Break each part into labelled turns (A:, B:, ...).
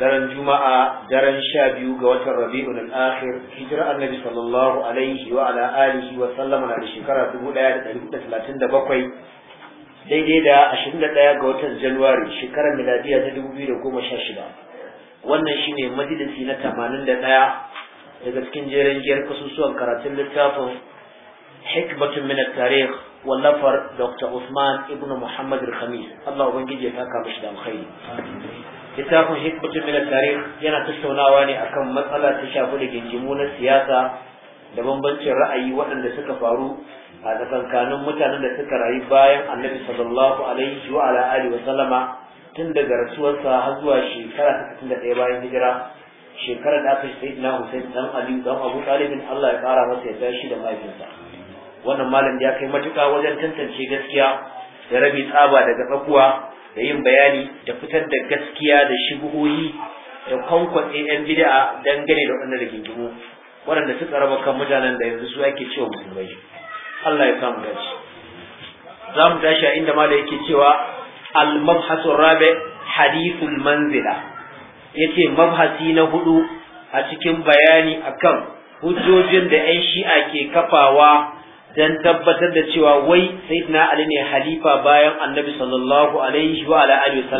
A: daren juma'a daren sha biyu ga watan rabi'ul akhir hijirar annabi sallallahu alaihi wa ala alihi wa sallama na da shekara dubu ɗaya da ɗari da talatin da bakwai daidai da ashirin da ɗaya ga watan januwari shekarar miladiya ta dubu biyu da goma sha shida wannan shine majalisi na tamanin da ɗaya daga cikin jerin jiyar kasusuwan karatun littafin hikmatun min tarikh wallafar dr usman ibnu muhammad al-khamis allah ubangiji ya taka mishi da
B: alkhairi
A: littafin hikmatun min tarikh yana tattaunawa ne akan matsala ta shafi da gingimu na siyasa da bambancin ra'ayi waɗanda suka faru a tsakankanin mutanen da suka rayu bayan annabi sallallahu alaihi wa ala alihi wa sallama tun daga rasuwarsa har zuwa shekara ta 61 bayan hijira shekara da aka shi sayyidina Hussein dan Ali dan Abu Talib Allah ya kara masa ya tashi da mahaifinsa wannan malam ya kai matuƙa wajen tantance gaskiya da rabi tsaba daga tsakuwa da yin bayani da fitar da gaskiya da shigohoyi da kwankwan yan bid'a dangane da wannan rigingimu waɗanda suka raba kan mutanen da yanzu su ake cewa musulmai Allah ya samu dace za mu tashi a inda da yake cewa al-mabhasu rabi hadithul manzila ce mabhasi na hudu a cikin bayani akan hujjojin da 'yan shi'a ke kafawa dan tabbatar da cewa wai sayyidina ali ne halifa bayan annabi sallallahu alaihi wa ala alihi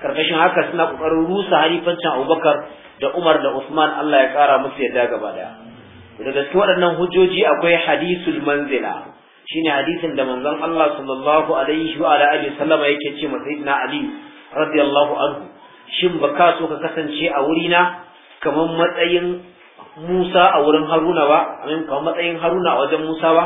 A: karkashin haka suna kokarin rusa halifancin abubakar da umar da usman Allah ya kara musu yadda gaba daya Da gaske waɗannan hujjoji akwai hadisul manzila shine hadisin da manzon Allah sallallahu alaihi wa ala alihi sallama yake ce ma sayyidina ali radiyallahu anhu shin baka so ka kasance a wurina kamar matsayin Musa a wurin Haruna ba amin kamar matsayin Haruna a wajen Musa ba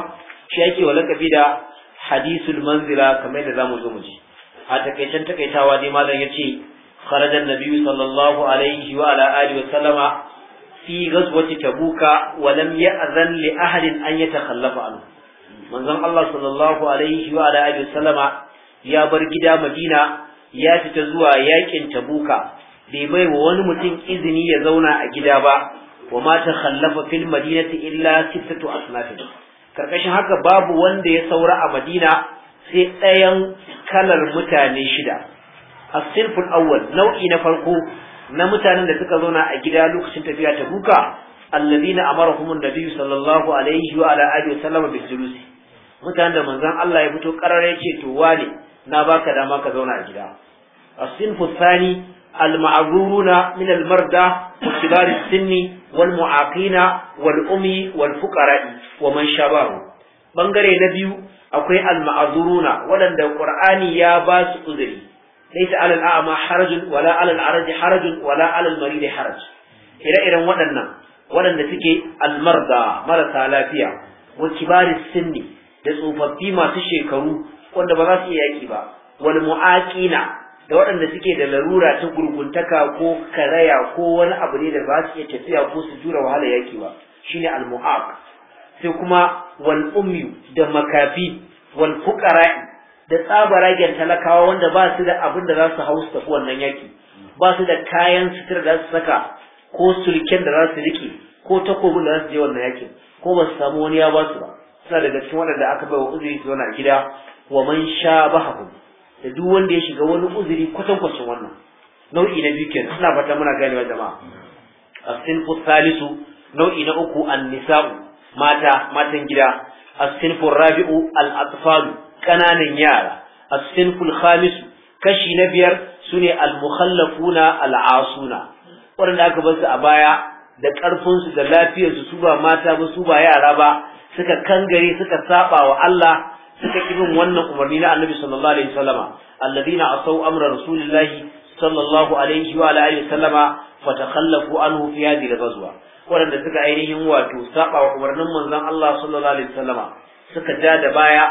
A: shi yake wa lakabi da hadisul manzila kamar yadda zamu zo mu ji a takaicen takaitawa dai malam yace kharaja annabi sallallahu alaihi wa ala alihi wa sallama fi ghazwati tabuka wa lam ya'zan li ahadin an yatakhallafa anhu manzon Allah sallallahu alaihi wa ala alihi wa sallama ya bar gida Madina ya fita zuwa yakin tabuka bai bai wa wani mutum izini ya zauna a gida ba wa ma takhallafa fil madinati illa sittatu asnafin karkashin haka babu wanda ya saura a madina sai ɗayan kalar mutane shida asirful awwal nau'i na farko na mutanen da suka zauna a gida lokacin tafiya ta buka allazina amarahum an-nabi sallallahu alaihi wa ala alihi wa sallama mutanen da manzon Allah ya fito karara yace to wane na baka dama ka zauna a gida as-sinfu thani المعذورون من المرضى وكبار السن والمعاقين والأمي والفقراء ومن شابه بنغري نبيو أكوي المعذورون ولن دو قرآن يا باس أذري ليس على الأعمى حرج ولا على العرج حرج ولا على المريض حرج إلى إلى ودنا ولن تكي المرضى مرسى لافيا وكبار السن da tsofaffi masu shekaru wanda ba za su iya yaki ba wal mu'aqina da waɗanda suke da larura ta gurguntaka ko karaya ko wani abu ne da ba su iya tafiya ko su jura wahala yaki ba shine al sai kuma wal ummi da makafi wal fuqara da tsabaragen talakawa wanda ba su da abin da za su hausa tafi wannan yaki ba su da kayan sutura da za su saka ko sulken da za su rike ko takobin da za su je wannan yakin ko ba su samu wani ya ba su ba suna daga cikin waɗanda aka bai wa uzuri su zauna gida wa man sha bahahum da duk wanda ya shiga wani uzuri kwatankwacin wannan nau'i na biyu kenan ina fata muna ganewa jama'a as Salisu nau'i na uku annisa'u mata matan gida as rabi'u al-atfal kananan yara as-sinfu khamis kashi na biyar sune al-mukhallafuna al-asuna wanda aka bar su a baya da karfin su da lafiyar su su ba mata ba su ba yara ba suka kangare suka saba wa Allah suka ki bin wannan umarni na annabi sallallahu alaihi wasallama alladina asau amra rasulillahi sallallahu alaihi wa alihi wasallama fatakhallafu anhu fi hadhihi al-ghazwa waɗanda suka ainihin wato saba wa umarnin manzon Allah sallallahu alaihi wasallama suka ja da baya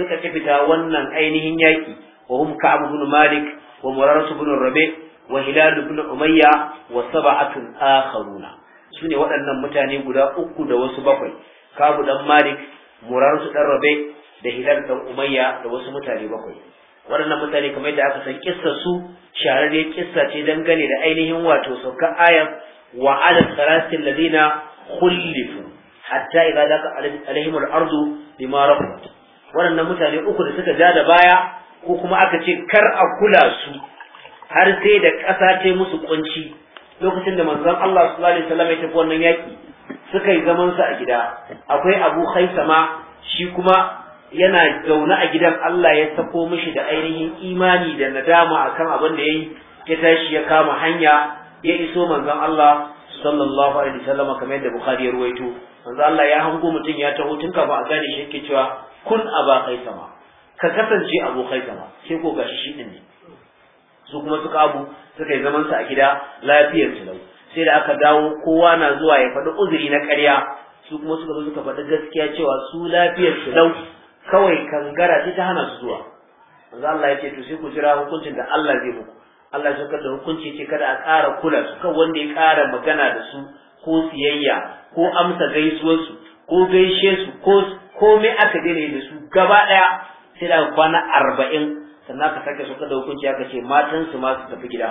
A: suka ki fita wannan ainihin yaki wa hum ka'ab ibn malik wa murarah ibn rabi wa hilal ibn umayya wa sab'atun akharuna sune waɗannan mutane guda uku da wasu bakwai kabu dan malik murarah dan rabi da hilal da umayya da wasu mutane bakwai waɗannan mutane kamar yadda aka san kissar su shahararriyar kissa ce dangane da ainihin wato saukar ayan wa ala sarasil ladina khulifu hatta idza zaka alaihim al-ardu bima rafadat waɗannan mutane uku da suka ja da baya ko kuma aka ce kar a kula su har sai da ƙasa ce musu kunci lokacin da manzon Allah sallallahu alaihi wasallam ya tafi wannan yaki suka yi zaman su a gida akwai Abu Khaisama shi kuma yana zaune a gidan Allah ya sako mishi da ainihin imani da nadama akan abin da yayi ya tashi ya kama hanya ya iso manzon Allah sallallahu alaihi wasallam kamar yadda Bukhari ya ruwaito manzon Allah ya hango mutum ya taho tun ba a gane shi yake cewa kun aba kaisama ka kasance abu kaisama sai ko gashi shi din ne su kuma suka abu suka yi zaman su a gida lafiyar su lau sai da aka dawo kowa na zuwa ya faɗi uzuri na ƙarya su kuma suka zo suka faɗi gaskiya cewa su lafiyar su lau kawai kangara ce ta hana su zuwa manzo Allah ya ce to sai ku jira hukuncin da Allah zai muku Allah ya saukar da hukunci ce kada a ƙara kula su kan wanda ya ƙara magana da su ko siyayya ko amsa gaisuwar su ko gaishe su ko komai aka daina da su gaba ɗaya sai da kwana arba'in sannan ka sake saukar da hukunci aka ce matan su ma su tafi gida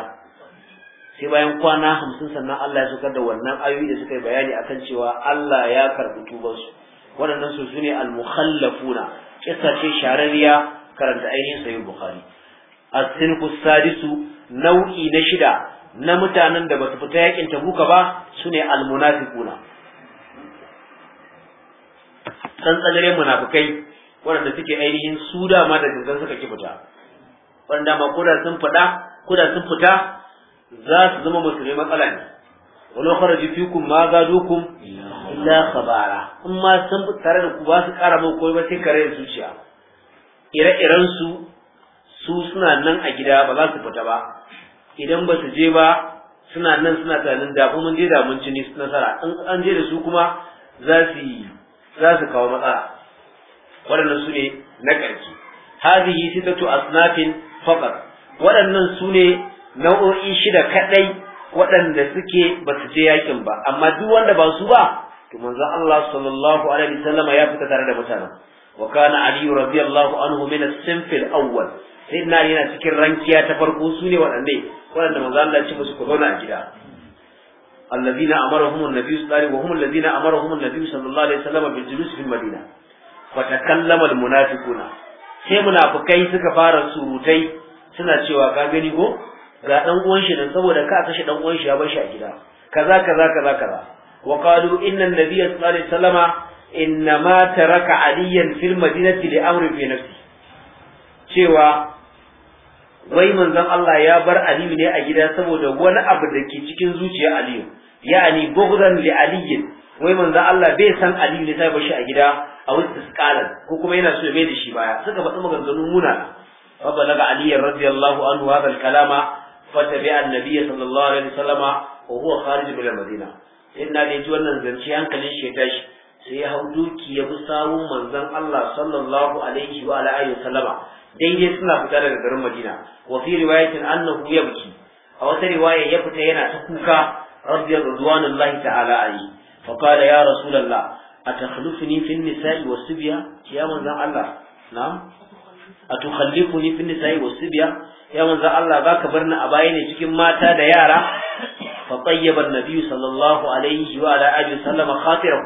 A: sai bayan kwana hamsin sannan Allah ya saukar da wannan ayoyi da suka yi bayani akan cewa Allah ya karɓi tubansu waɗannan su sune al-mukhallafuna ce shararriya karanta ainihin sayyid bukhari as-sinfu sadisu nau'i na shida na mutanen da basu fita yakin tabuka ba sune al-munafiquna tsantsagare munafikai waɗanda suke ainihin su dama da gangan suka ki fita waɗanda ma kuda sun fita kuda sun fita za su zama musulmai matsala ne wani kharaju fikum ma zadukum illa khabara in ma san tare da ku ba su kara ba ko ba sai kare da zuciya ire-iren su su suna nan a gida ba za su fita ba idan ba su je ba suna nan suna tsanin da kuma je da mun ci nasara in an je da su kuma za su za su kawo matsala waɗannan su ne na ƙarshe hadhihi sitatu asnafin faqat waɗannan su ne nau'o'i shida kadai waɗanda suke ba su je yakin ba amma duk wanda ba su ba to manzo Allah sallallahu alaihi wasallam ya fita tare da mutanen wa kana ali radiyallahu anhu min as-sinf al-awwal sayyidina ali yana cikin rankiya ta farko su ne waɗanne waɗanda manzo Allah ya ce musu ku zauna a gida الذين امرهم النبي صلى الله عليه وسلم وهم الذين امرهم النبي صلى الله عليه وسلم بالجلوس في المدينه فتكلم المنافقون sai munafukai suka fara surutai suna cewa ka gani ko ga dan uwan shi nan saboda ka kashe dan uwan shi ya bar shi a gida kaza kaza kaza kaza وقالوا إن النبي صلى الله عليه وسلم إنما ترك عليا في المدينة لأمر في نفسه cewa wai manzon Allah ya bar Aliyu ne a gida saboda wani abu da ke cikin zuciyar Aliyu ya'ani bughdan li Aliyin wai manzon Allah bai san Aliyu ne sai bar shi a gida a wasu iskalan ko kuma yana so ya mai da shi baya suka faɗi maganganun muna fa balaga Aliyu radiyallahu anhu hadha al-kalama fa tabi'a an-nabiy sallallahu alaihi wasallama wa huwa kharij bil Madina sai na da ji wannan zance hankalin shi ya tashi sai ya hau duki ya bi sawun manzon Allah sallallahu alaihi wa alihi wasallama daidai suna fita daga garin Madina wa fi riwayatin annahu yabki a wata riwaya ya fita yana ta kuka rabbiyar radwanullahi ta'ala ali fa qala ya rasulullah atakhulufuni fi nisa'i was-sibya ya manzon Allah na'am atukhallifuni fi nisa'i was-sibya ya manzon Allah zaka bar a baya ne cikin mata da yara فطيب النبي صلى الله عليه وعلى اله وسلم خاطره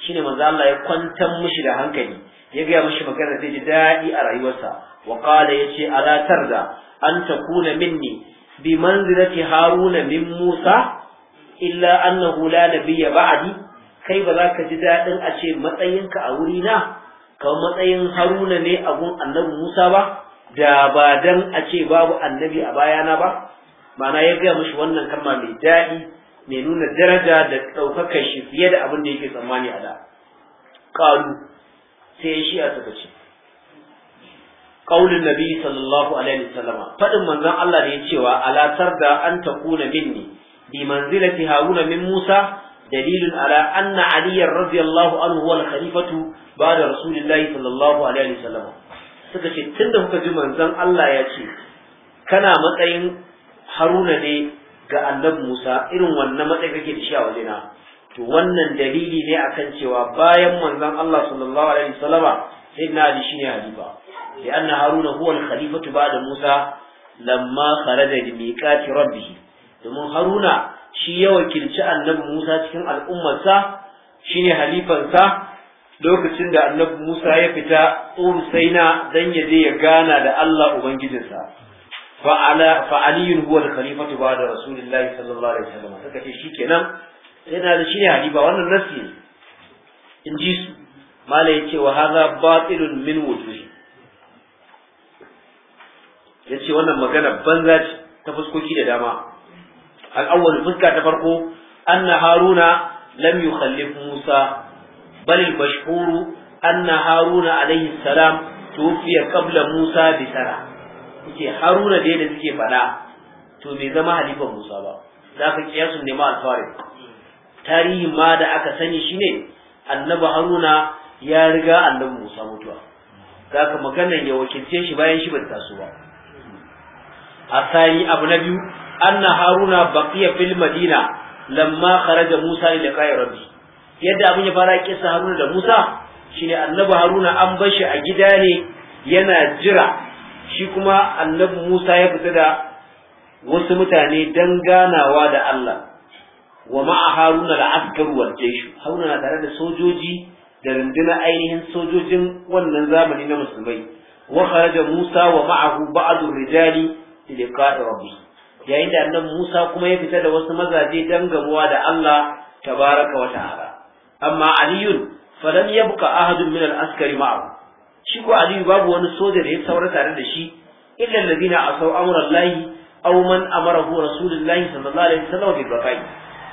A: shine manzo Allah ya kwantar mishi da hankali ya ga mishi magana zai ji dadi a rayuwarsa wa qala yace ala tarda an takuna minni bi manzilati haruna min musa illa annahu la nabiyya ba'di kai ba za ka ji dadin a ce matsayinka a wuri na kamar matsayin haruna ne a gun annabi musa ba da ba dan a ce babu annabi a bayana ba ma'ana ya gaya mishi wannan kalma mai daɗi mai nuna daraja da ɗaukakar shi fiye da abin da yake tsammani a da ƙalu sai shi a suka ce Ƙaunin nabi sallallahu alaihi wasallama faɗin manzon Allah da ya cewa ala da an takuna minni bi manzilati haruna min musa dalilun ala anna ali radiyallahu anhu wal khalifatu ba'da rasulillahi sallallahu alaihi wasallama suka ce tunda kuka ji manzon Allah ya ce kana matsayin haruna ne ga annabi musa irin wannan matsayi kake da shi a wajena to wannan dalili ne akan cewa bayan manzon Allah sallallahu alaihi wasallama sayyidina ali shine halifa li anna haruna huwa al-khalifatu ba'da musa lamma kharaja li miqati rabbih domin haruna shi ya wakilci annabi musa cikin al'ummarsa shine halifansa lokacin da annabi musa ya fita ur saina dan ya je ya gana da Allah ubangijinsa fa'ala fa'aliyun huwa khalifatu ba'da rasulillahi sallallahu alaihi wasallam suka ce shikenan yana da shine hadiba wannan nasi ne in ji su mala yace wa hadha min yace wannan magana banza ce ta fuskoki da dama al fuska ta farko anna haruna lam yukhallif musa bal al-mashhuru anna haruna alayhi salam tufiya qabla musa bi kuke haruna dai da suke faɗa to bai zama halifar musa ba za ka kiyasun nema alfari tarihi ma da aka sani shine annabi haruna ya riga annabi musa mutuwa za ka ya wakilce shi bayan shi bai taso ba a sani abu na biyu anna haruna baqiya fil madina lamma kharaja musa ila kai rabbi yadda abin ya fara kissa haruna da musa shine annabi haruna an bar shi a gida ne yana jira shi kuma annabi Musa ya fita da wasu mutane don ganawa da Allah wa ma'a haruna da askaru jeshu haruna na tare da sojoji da rundunar ainihin sojojin wannan zamani na musulmai wa kharaja Musa wa ma'ahu ba'd rijali liqa'i rabbi yayin da annabi Musa kuma ya fita da wasu mazaje don gamuwa da Allah tabaraka wa ta'ala amma aliyun falam yabqa ahadun min al-askari ma'ahu shi ko aliyu babu wani soja da ya saura tare da shi illa allazina asaw amra lahi aw man amarahu rasulullahi sallallahu alaihi wasallam bil baqai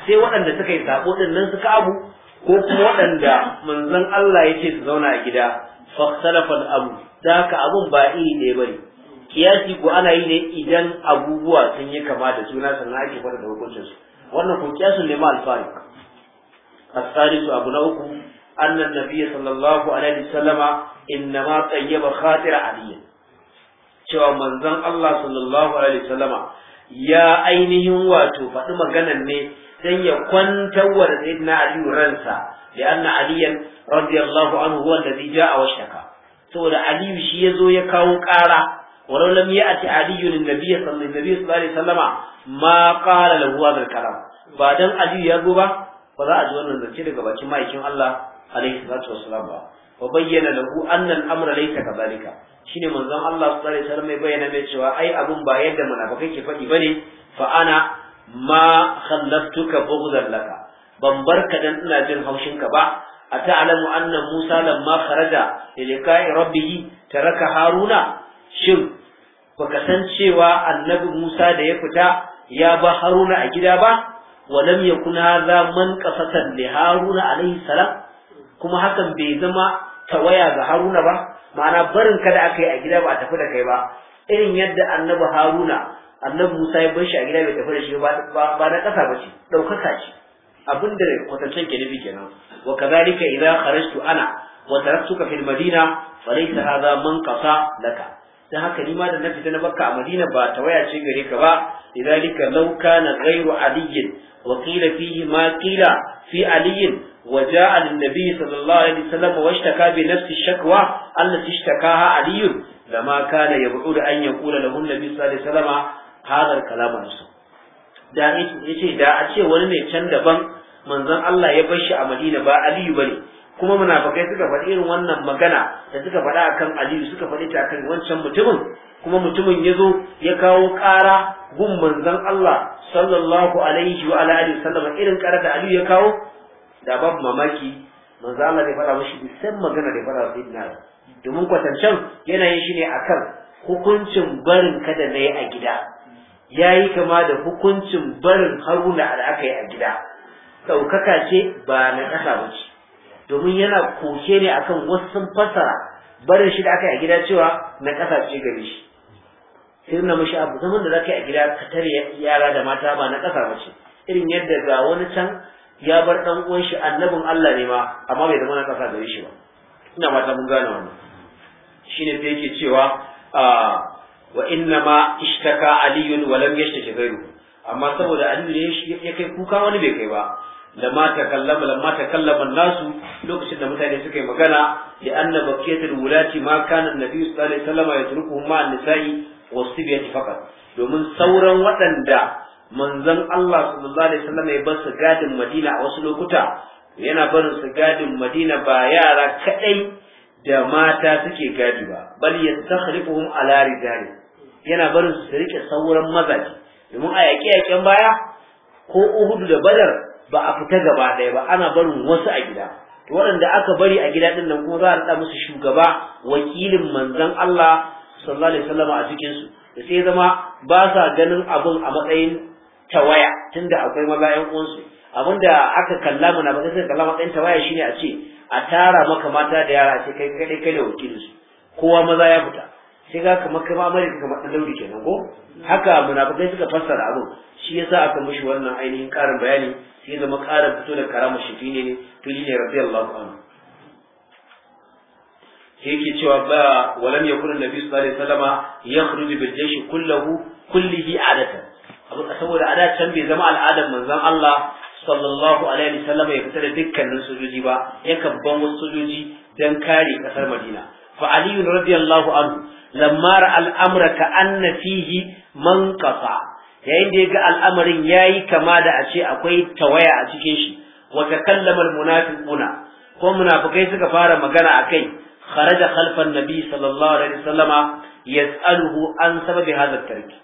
A: sai waɗanda suka yi sabo din nan suka abu ko kuma waɗanda manzon Allah ya ce su zauna a gida khalafa al-amr da ka abun ba iri ne bane kiyasi ko ana yi ne idan abubuwa sun yi kama da suna sannan ake fara da hukuncin su wannan ko kiyasin ne ma alfari as abu na uku أن النبي صلى الله عليه وسلم إنما طيب خاطر علي cewa manzon Allah sallallahu alaihi wasallama ya ainihin wato faɗi maganan ne dan ya kwantar wa sayyidina Ali ransa da anna aliyan radiyallahu anhu huwa alladhi jaa wa shaka saboda Ali shi yazo ya kawo ƙara walau lam ya'ti Ali lin nabiy sallallahu alaihi wasallama ma qala lahu hadha al ba dan Aliyu ya zo ba ba za a ji wannan zance daga bakin ma'aikin Allah alaihi salatu wassalam ba wa bayyana lahu anna al-amra laysa kadhalika shine manzon Allah sallallahu alaihi wasallam mai bayyana mai cewa ai abun ba yadda munafikai ke faɗi bane fa ana ma khallaftuka bughdan laka ban barka ka dan ina jin haushin ka ba ata'lamu anna Musa lamma kharaja ilika'i rabbih taraka Haruna shin baka san cewa annabi Musa da ya fita ya ba Haruna a gida ba Wa za يكن qasatan li Haruna Alayhi salam kuma hakan bai zama tawaya ga haruna ba ma'ana barin kada aka yi a gida ba a tafi da kai ba irin yadda annabi haruna annabi musa ya bar shi a gida bai tafi da shi ba na ƙasa ba ce ɗaukaka ce abin da kwatancen ke nufi kenan wa kazalika idan kharajtu ana wa taraktuka fil madina falaysa hadha man laka dan haka ni ma da na fita na bakka a madina ba tawaya ce gare ka ba lidalika law kana ghayru aliyyin wa qila fihi ma qila fi aliyyin وجاء للنبي صلى الله عليه وسلم واشتكى بنفس الشكوى التي اشتكاها علي لما كان يبعد أن يقول له النبي صلى الله عليه وسلم هذا الكلام نفسه da yace da a ce wani ne can daban manzon Allah ya bar shi a Madina ba Aliyu bane kuma munafikai suka faɗi irin wannan magana da suka faɗa akan Aliyu suka faɗi ta akan wancan mutumin kuma mutumin ya zo ya kawo ƙara gun manzon Allah sallallahu alaihi wa alihi irin ƙara da Aliyu ya kawo da babu mamaki manzo Allah da faɗa mishi san magana da faɗa sai na domin kwatancan yanayin shi ne akan hukuncin barin kada na yi a gida yayi kama da hukuncin barin haruna da aka yi a gida ɗaukaka ce ba na ƙasa ba ce domin yana koke ne akan wasu sun barin shi da aka yi a gida cewa na ƙasa ce gare shi sai na mashi abu zaman da za ka yi a gida ka tare yara da mata ba na kasa ba ce irin yadda ga wani can ya bar dan uwan shi annabin Allah ne ma amma bai zama na kasa da shi ba ina mata mun gane wannan shine sai yake cewa wa inna ma ishtaka Aliyu wa lam yashtaki ghayru amma saboda aliyu ne ya kai kuka wani bai kai ba lamma takallama lamma kallama nasu lokacin da mutane suka yi magana li annaba baqiyatul wulati ma kana annabi sallallahu alaihi wasallam turku ma an-nisa'i was-sibyati domin sauran waɗanda manzon Allah sallallahu alaihi wasallam ya bar gadin Madina a wasu lokuta yana barin su gadin Madina ba yara kadai da mata suke gadi ba bal yastakhlifuhum ala rijali yana barin su rike sauran mazaje domin a yaƙe yaƙen baya ko Uhud da Badar ba a fita gaba ɗaya ba ana barin wasu a gida to waɗanda aka bari a gida ɗin nan kuma za a da musu shugaba wakilin manzon Allah sallallahu alaihi wasallam a cikin su sai zama ba sa ganin abun a matsayin tawaya tunda akwai maza ƴan abin abinda aka kalla muna ba sai kalla matsayin tawaya shine a ce a tara maka mata da yara sai kai kai kai da wakilin su kowa maza ya fita sai ga kamar kai ma amare kuma dan dauri kenan ko haka sai suka fassara abin shi yasa aka mishi wannan ainihin karin bayani sai zama karin fito da karamar shi ne fili ne radiyallahu anhu yake cewa ba walam yakun annabi sallallahu alaihi wasallam yakhruju bil jaysh kullahu kullihi adatan saboda a da can bai zama al'adar manzon Allah sallallahu alaihi wasallam ya fita da dukkanin sojoji ba yakan ban wasu sojoji dan kare kasar Madina fa Ali radiyallahu anhu lamma ra al'amra ka anna fihi manqasa yayin da yaga al'amarin yayi kama da a ce akwai tawaya a cikin shi wa takallama almunafiquna ko munafikai suka fara magana akai kharaja khalfan nabi sallallahu alaihi wasallama yas'aluhu an sababi hadha tarki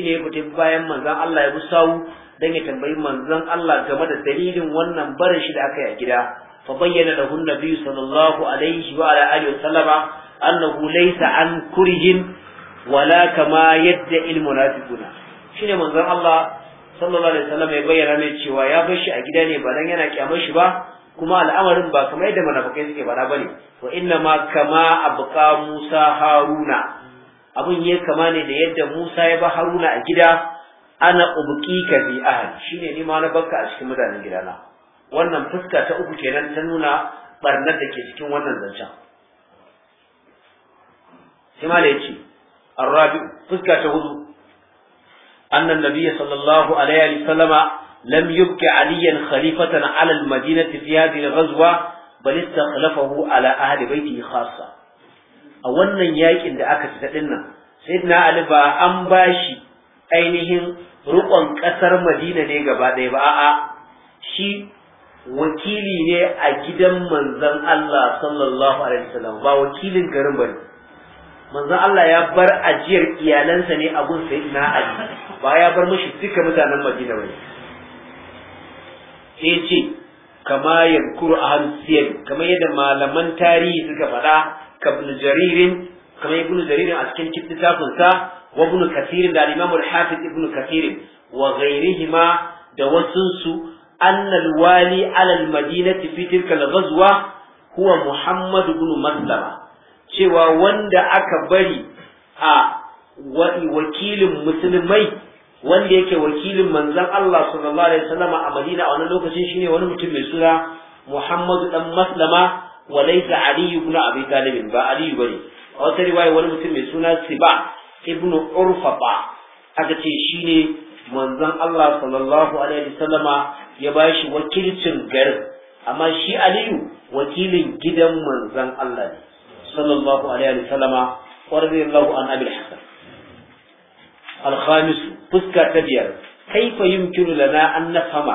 A: ne ya fita bayan manzan Allah ya bi sawu dan ya tambayi manzan Allah game da dalilin wannan barin shi da aka yi a gida fa bayyana lahu nabi sallallahu alaihi wa ala alihi wasallama annahu laysa an kurhin wala kama yadda ilmu shi ne manzan Allah sallallahu alaihi wasallam ya bayyana mai cewa ya bar shi a gida ne ba dan yana kyamar shi ba kuma al'amarin ba kamar yadda munafikai suke faɗa bane wa inna ma kama abqa Musa Haruna abin ya kama ne da yadda Musa ya ba Haruna a gida ana ubki ka bi ahli shine ni ma na bakka a cikin mutanen gidana wannan fuska ta uku kenan ta nuna barnar da ke cikin wannan zancen sai ma ya ce arabi fuska ta hudu annan nabiy sallallahu alaihi wa sallama lam yubki aliyan khalifatan ala al-madinati fi hadhihi al-ghazwa bal istakhlafahu ala ahli baytihi khassa a wannan yakin da aka fita din nan sayyidina ali ba an bashi ainihin rukon kasar madina ne gaba ɗaya ba a'a shi wakili ne a gidan manzon Allah sallallahu alaihi wasallam ba wakilin garin bane manzon Allah ya bar ajiyar iyalansa ne a gun sayyidina ali ba ya bar mishi duka mutanen madina bane sai ce kama yankuru ahal siyar kamar yadda malaman tarihi suka faɗa kabn jaririn jaririn a cikin littafin sa wa ibn kathir da al-imam al-hafiz ibn kathir wa ghayrihima da wasunsu anna al-wali ala al-madinati fi tilka al-ghazwa huwa maslama cewa wanda aka bari a wakilin musulmai wanda yake wakilin manzon Allah sallallahu a Madina a wannan lokacin shine wani mutum mai suna Muhammadu ɗan Maslama wa laysa ali ibn abi talib ba ali bane a wata riwaya wani mutum mai suna siba Ibnu urfaqa aka ce shine manzon Allah sallallahu alaihi wasallama ya bashi wakilcin garin amma shi aliyu wakilin gidan manzon Allah ne sallallahu alaihi wasallama radiyallahu an abil hasan الخامس فسكة تبير كيف يمكن لنا أن نفهم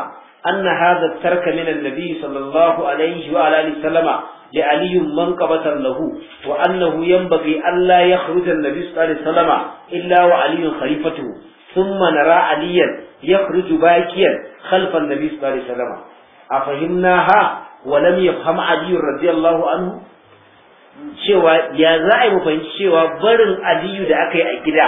A: أن هذا الترك من النبي صلى الله عليه وعلى وسلم لعلي منقبة له وأنه ينبغي ألا يخرج النبي صلى الله عليه وسلم إلا وعلي خليفته ثم نرى عليا يخرج باكيا خلف النبي صلى الله عليه وسلم أفهمناها ولم يفهم علي رضي الله عنه cewa ya za a yi mu fahimci cewa barin aliyu da aka yi a gida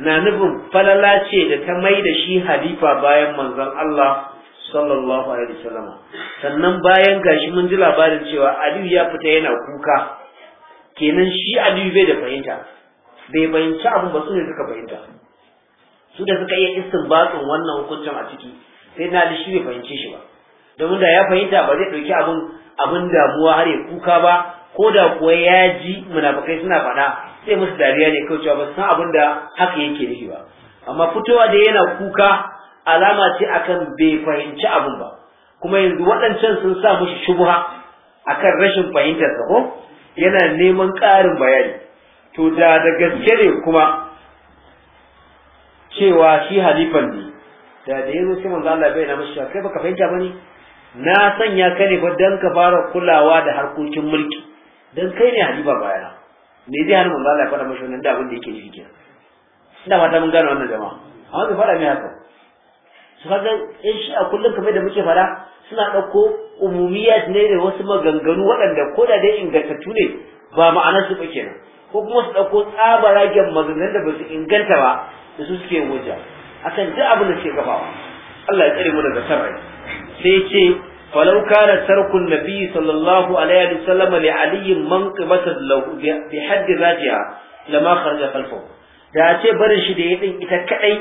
A: na nufin falala ce da ta mai da shi halifa bayan manzon Allah sallallahu alaihi wasallam sannan bayan gashi mun ji labarin cewa Aliyu ya fita yana kuka kenan shi Aliyu bai da fahimta bai fahimci abin ba su ne suka fahimta su da suka iya istinbatin wannan hukuncin a ciki sai na da shi bai fahimce shi ba domin da ya fahimta ba zai ɗauki abin abin damuwa har ya kuka ba ko da kuwa ya ji munafukai suna faɗa sai musu dariya ne kawai cewa ba san abin da haka yake nufi ba amma fitowa da yana kuka alama ce akan bai fahimci abun ba kuma yanzu waɗancan sun sa mushi shubha akan rashin fahimtar sa ko yana neman ƙarin bayani to da da gaske ne kuma cewa shi halifan ne da da yanzu sai manzo Allah bai na mushi kai baka fahimta bane na sanya ka ne fa dan ka fara kulawa da harkokin mulki dan kai ne halifa bayana me zai hana manzo Allah ya fara mushi wannan da abin da yake jiki ina fata mun gano wannan jama'a amma bai fara mai haka su kaga in shi a kullum kamar da muke fara suna ɗauko umumiya ne da wasu maganganu waɗanda ko da dai ingantattu ne ba ma'anar su ba kenan ko kuma su ɗauko tsabaragen maganganun da ba su inganta ba da su suke wuja akan duk abin da suke gabawa Allah ya tsare mu daga sarrai sai ce falau kana tarkun nabi sallallahu alaihi wa sallam li ali manqibata lahu bi haddi zatiha lama kharaja khalfu da ce barin shi da ya din ita kadai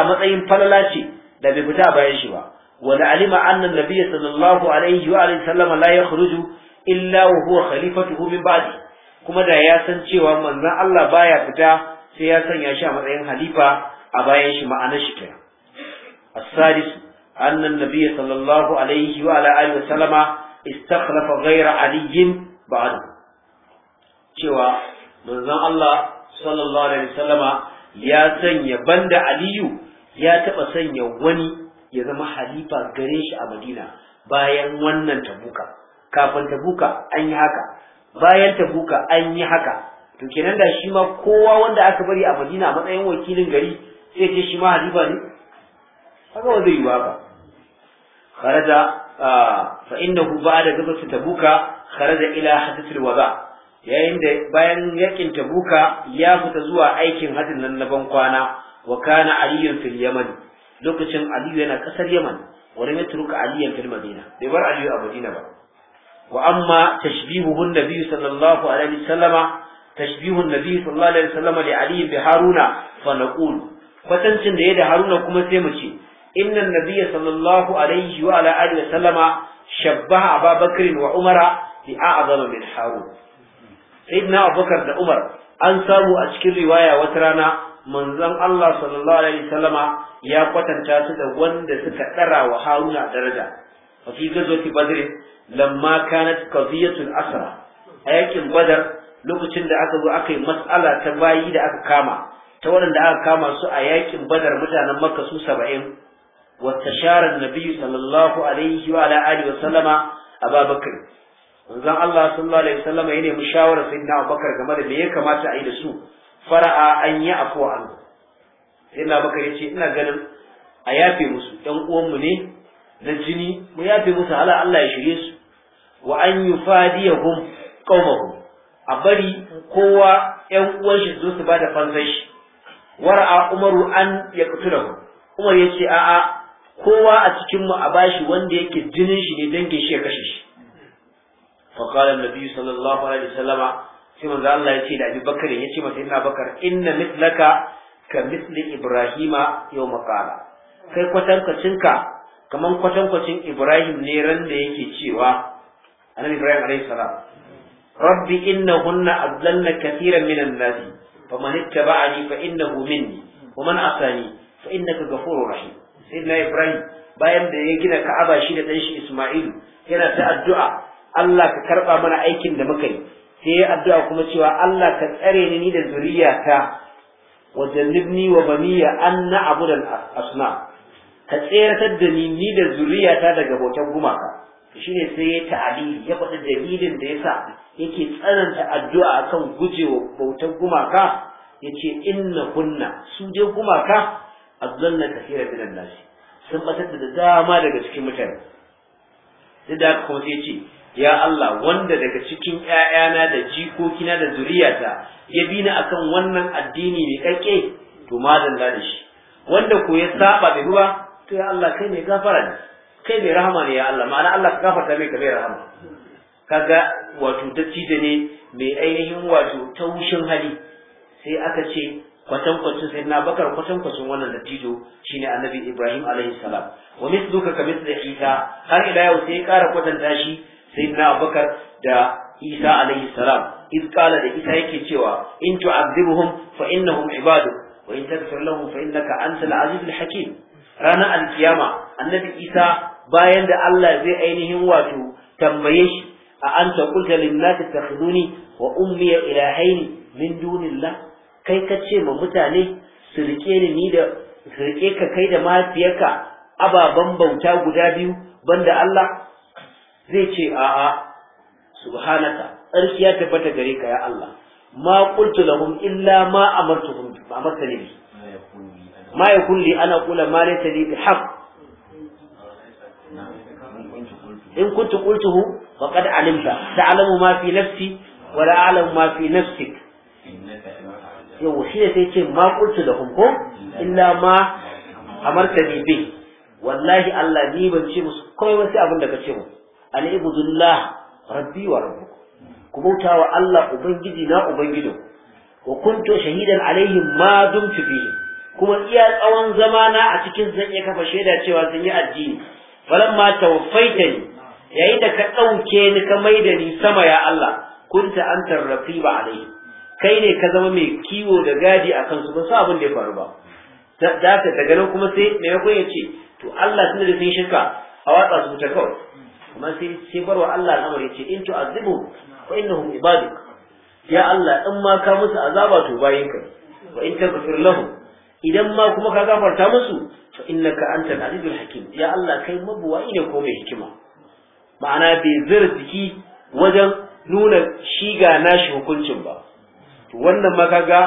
A: a matsayin falala ce da bai fita bayan shi ba wala alima anna nabiyya sallallahu alaihi wa alihi sallama la yakhruju illa wa huwa khalifatuhu min ba'di kuma da ya san cewa manzon Allah baya fita sai ya sanya shi a matsayin halifa a bayan shi ma'anar shi kenan السادس أن النبي صلى الله عليه وعلى آله وسلم استخلف غير علي بعد cewa manzon Allah sallallahu alaihi wasallama ya sanya banda Aliyu ya taɓa sanya wani ya zama halifa gare shi a madina bayan wannan tabuka kafin tabuka an yi haka bayan tabuka an yi haka to kenan da shi ma kowa wanda aka bari a madina a matsayin wakilin gari sai ce shi ma halifa ne haka wanda yi ba kharaja fa innahu ba'da gabata tabuka kharaja ila hadith alwaba yayin da bayan yakin tabuka ya fita zuwa aikin hadin nan na ban kwana wa kana aliyun fil yaman lokacin aliyu yana kasar yaman wa lam yatruka aliyan fil madina bai bar aliyu a madina ba wa amma tashbihuhu Nabiyyu sallallahu alaihi wasallama tashbihu nabi sallallahu alaihi wasallama li ali bi haruna fa naqul kwatancin da ya da haruna kuma sai mu ce inna nabiyya sallallahu alaihi wa ala alihi wasallama shabbaha ababakr wa umara bi a'zama min harun sayyidina abubakar da umar an samu a cikin riwaya wata rana manzon Allah sallallahu alaihi wasallama ya kwatanta su da wanda suka dara wa Haruna daraja fa fi gazwati badr lamma kanat qadiyatul asra a badar lokacin da aka zo aka yi mas'ala ta bayi da aka kama ta waɗanda aka kama su a yakin badar mutanen makka su 70 wa tashara nabiyyu sallallahu alaihi wa ala alihi wa sallama ababakar manzon Allah sallallahu alaihi wasallama ya nemi shawara sayyidina Abubakar game da me ya kamata a yi da su fara'a an yi afuwa an sai na baka ya ce ina ganin a yafe musu ɗan uwanmu ne na jini mu yafe musu hala Allah ya shirye su wa an yi fadiyahum qaumahum a bari kowa ƴan uwan shi zo su ba da fansan shi wara'a umaru an ya kutulahu umar ya ce a'a kowa a cikin mu a bashi wanda yake jinin shi ne dangin shi ya kashe shi fa qala an-nabi sallallahu alaihi wasallama sai manzo Allah ya ce da Abi Bakar ya ce masa ina Bakar inna mislaka ka misli Ibrahima yau qala kai kwatankwacinka kaman kwatankwacin Ibrahim ne ran da yake cewa annabi Ibrahim alaihi salam rabbi innahunna adlalna kathiran minan nasi faman ittaba'ani fa innahu minni wa man asani fa innaka ghafurur rahim sayyidina Ibrahim bayan da ya gina Ka'aba shi da dan shi Isma'il yana ta addu'a Allah ka karba mana aikin da muka yi sai ya addu'a kuma cewa Allah ka tsare ni ni da zuriyata wa jannibni wa baniya an na'budu al asna ka tseratar da ni ni da zuriyata daga bautar gumaka shine sai ya ta'ali ya faɗi dalilin da yasa yake tsananta addu'a akan gujewa bautar gumaka yace inna kunna su je gumaka azzanna kathira min an-nas sun batar da dama daga cikin mutane duk da haka kuma sai ce ya Allah wanda daga cikin ‘ya'yana da jikokina da zuriyata ya bi ni akan wannan addini mai ƙaƙƙe to ma da shi wanda ko ya saba bai ba to ya Allah kai mai gafara ne kai mai rahama ne ya Allah ma'ana Allah ka gafarta mai ka mai rahama kaga wato da ne mai ainihin wato taushin hali sai aka ce kwatankwacin sai na bakar kwatankwacin wannan dattijo shine annabi ibrahim alaihi salam wa misluka ka misli isa har ila yau sai ya kara kwatanta shi sayyidina abubakar da isa alaihi salam iz da isa yake cewa in tu'azibuhum fa innahum ibadu wa in taghfir lahum fa innaka antal azizul hakim ranar alkiyama annabi isa bayan da Allah zai ainihin wato tambaye shi a an ta kulta lillahi takhuduni wa ummi ilahaini min dunillah kai ka ce ma mutane su rike ni da rike ka kai da mafiyarka ababan bauta guda biyu banda Allah zai ce a'a subhanaka tsarki ya tabbata gare ka ya Allah ma qultu lahum illa ma amartuhum ma amartani bi ma yakun li ana qula ma laysa li bihaq in kuntu qultuhu faqad alimta ta'lamu ma fi nafsi wa la a'lamu ma fi nafsik yau shi ne sai ce ma qultu lahum ko illa ma amarta ni bi wallahi Allah ni ban ce musu komai wasu abin da ka ce mu an ibudullah rabbi wa ku bauta wa Allah ubangiji na ubangido. wa kunto shahidan alaihim ma dumtu fihi kuma iya tsawon zama na a cikin zan iya kafa shaida cewa sun yi addini ma tawaffaitani Yayi da ka ɗauke ni ka maida ni sama ya Allah kunta antar rafiba alaihi kai ne ka zama mai kiwo da gadi a kansu ba su abin da ya faru ba da ta daga nan kuma sai mai ya ce to Allah tunda da sun shirka a watsa su ta kawai amma sai sai barwa Allah al'amari ce in tu'azibu fa innahum ibaduk ya Allah in ma ka musu azaba to ka, wa in taghfir lahum idan ma kuma ka gafarta musu fa innaka antal azizul hakim ya Allah kai mabuwa ne ko mai hikima ma'ana bai zira jiki wajen nuna shiga nashi hukuncin ba to wannan ma kaga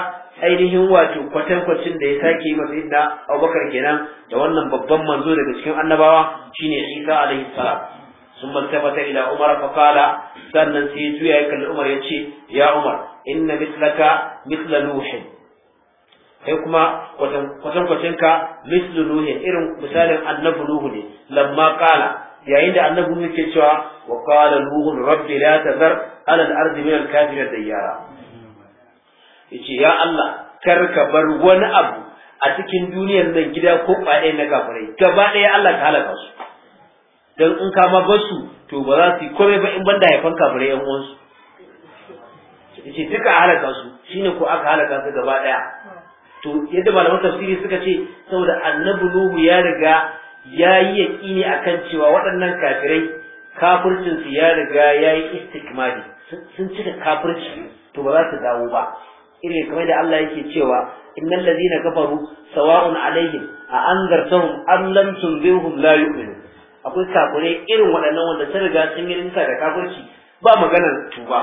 A: ainihin wato kwatankwacin da ya sake yi masa inda abubakar kenan da wannan babban manzo daga cikin annabawa shine isa alaihi salam ثم التفت إلى عمر فقال سنن سيتو يا كل عمر يتشي يا عمر إن مثلك مثل نوح kai kuma kwatankwacinka mislu nuhin irin misalin annabi nuhu ne lamma kala yayin da annabi nuhu ke cewa wa qala nuhu rabbi la tazar ala al-ard min al-kafirin dayyara yace ya Allah kar ka bar wani abu a cikin duniyar nan gida ko kwaɗe na kafirai gaba ɗaya Allah ta halaka su dan in ka ma basu to ba za su yi komai ba in banda haifan kafirai yan uwansu yace duka halaka su shine ko aka halaka su gaba daya to yadda malaman tafsiri suka ce saboda annabi nuhu ya riga ya yi yaqini akan cewa waɗannan kafirai kafircin su ya riga ya yi istikmali sun cika kafirci to ba za su dawo ba irin kamar da Allah yake cewa innal ladina kafaru sawa'un alaihim a anzartahum am lam tunzirhum la yu'minun akwai kafure irin waɗannan wanda ta riga sun yi nisa da kafirci ba maganar tuba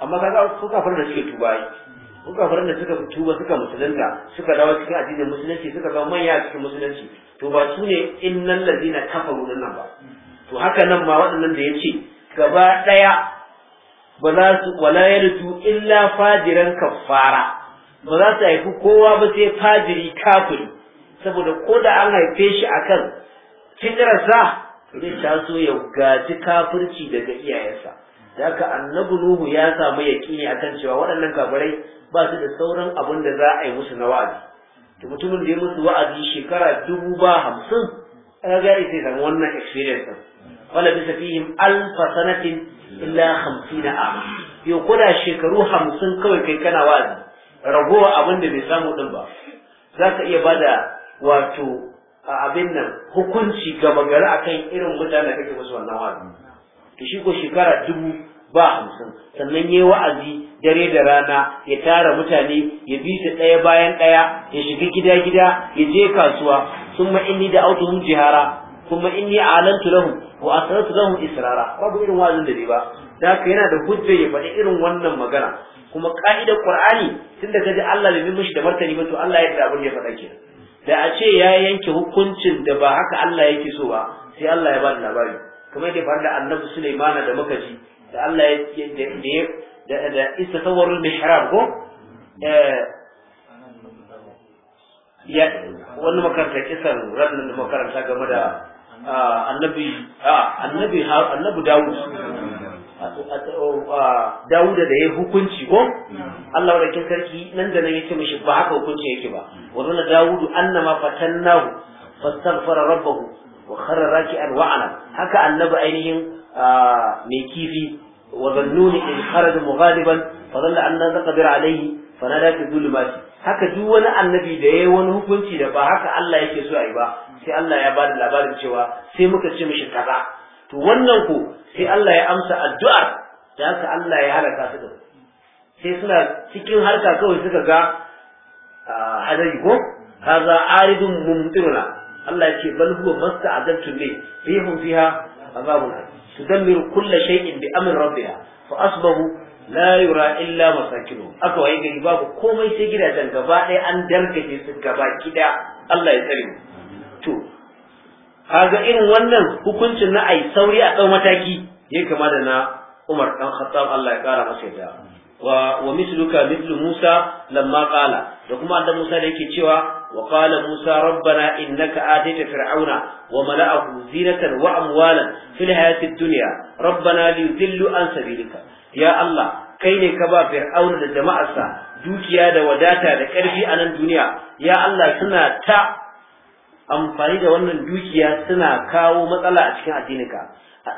A: amma kaga ko kafirin da suke tuba yi ko kafirin da suka tuba suka musulunta suka dawo cikin addinin musulunci suka zama manya a cikin musulunci to ba su ne innal ladina kafaru nan ba to haka nan ma waɗannan da yace gaba ɗaya ba za su wala yarju illa fadiran kafara ba za su haifi kowa ba sai fajiri kafiri saboda ko da an haife shi akan fitrarsa zai taso ya gaji kafirci daga iyayensa da ka annabi nuhu ya samu yaƙini akan cewa waɗannan kafirai ba su da sauran abin da za a yi musu na wa'azi to mutumin da ya musu wa'azi shekara dubu ba hamsin ya sai samu wannan experience wala bisa fihim alfa sanatin illa hamsina ama yau kuda shekaru hamsin kawai kai kana wa'azi ragowa abin da bai samu din ba za ka iya bada wato A abin nan hukunci gaba gari kan irin mutane da kake musu wannan wa'azi to shi ko shekara dubu ba hamsin sannan ya wa'azi dare da rana ya tara mutane ya bi su ɗaya bayan ɗaya ya shiga gida gida ya je kasuwa sun ma inni da autuhum jihara kuma inni alantu lahum wa asrartu lahum israra babu irin wa'azin da ba da haka yana da hujja ya faɗi irin wannan magana kuma ka'idar qur'ani tunda kaji Allah bai mishi da martani ba to Allah ya da abin da ya faɗa kenan da a ce ya yanke hukuncin da ba haka Allah yake so ba sai Allah ya bada labari kamar da faru da annabi Sulaimana da makaji da Allah ya da da istatawar mihrab ko eh, ya wani makaranta kisan ranar da makaranta game da ah, annabi ah, annabi annabi Dawud Uh, Dawuda da ya hukunci ko Allah wadakin sarki nan da nan yake mishi ba haka hukunci yake ba wannan Dawudu annama fatannahu fastaghfara rabbahu wa kharra raki'an wa'ala haka annabi ainihin uh, mai kifi wa zannuni in kharaja mughadiban fa dalla anna taqdir alayhi fa nada fi haka duk wani annabi da yayi wani hukunci da ba haka Allah yake so yi ba sai Allah ya bada labarin cewa sai muka ce mishi kaza to wannan ko sai Allah ya amsa addu'ar da haka Allah ya halaka su da sai suna cikin harka kawai suka ga hadari ko haza aridun mumtiruna Allah ya ce bal huwa masta'adatu li rihum fiha azabun tudammiru kulla shay'in bi amri rabbiha fa asbahu la yura illa masakinuhum aka waye gari babu komai sai gidajen gaba ɗaya an darkace su gaba kida Allah ya tsare mu kaga irin wannan hukuncin na ai sauri a ɗau mataki ya kama da na Umar dan Khattab Allah ya kara masa yadda wa wa misluka mislu Musa lamma qala da kuma da Musa da yake cewa wa qala Musa rabbana innaka atayta fir'auna wa mala'ahu zinatan wa amwalan fil hayatid dunya rabbana liyudillu an sabilika ya Allah kai ne ka ba fir'auna da jama'arsa dukiya da wadata da ƙarfi a nan duniya ya Allah suna ta amfani da wannan dukiya suna kawo matsala a cikin addinika.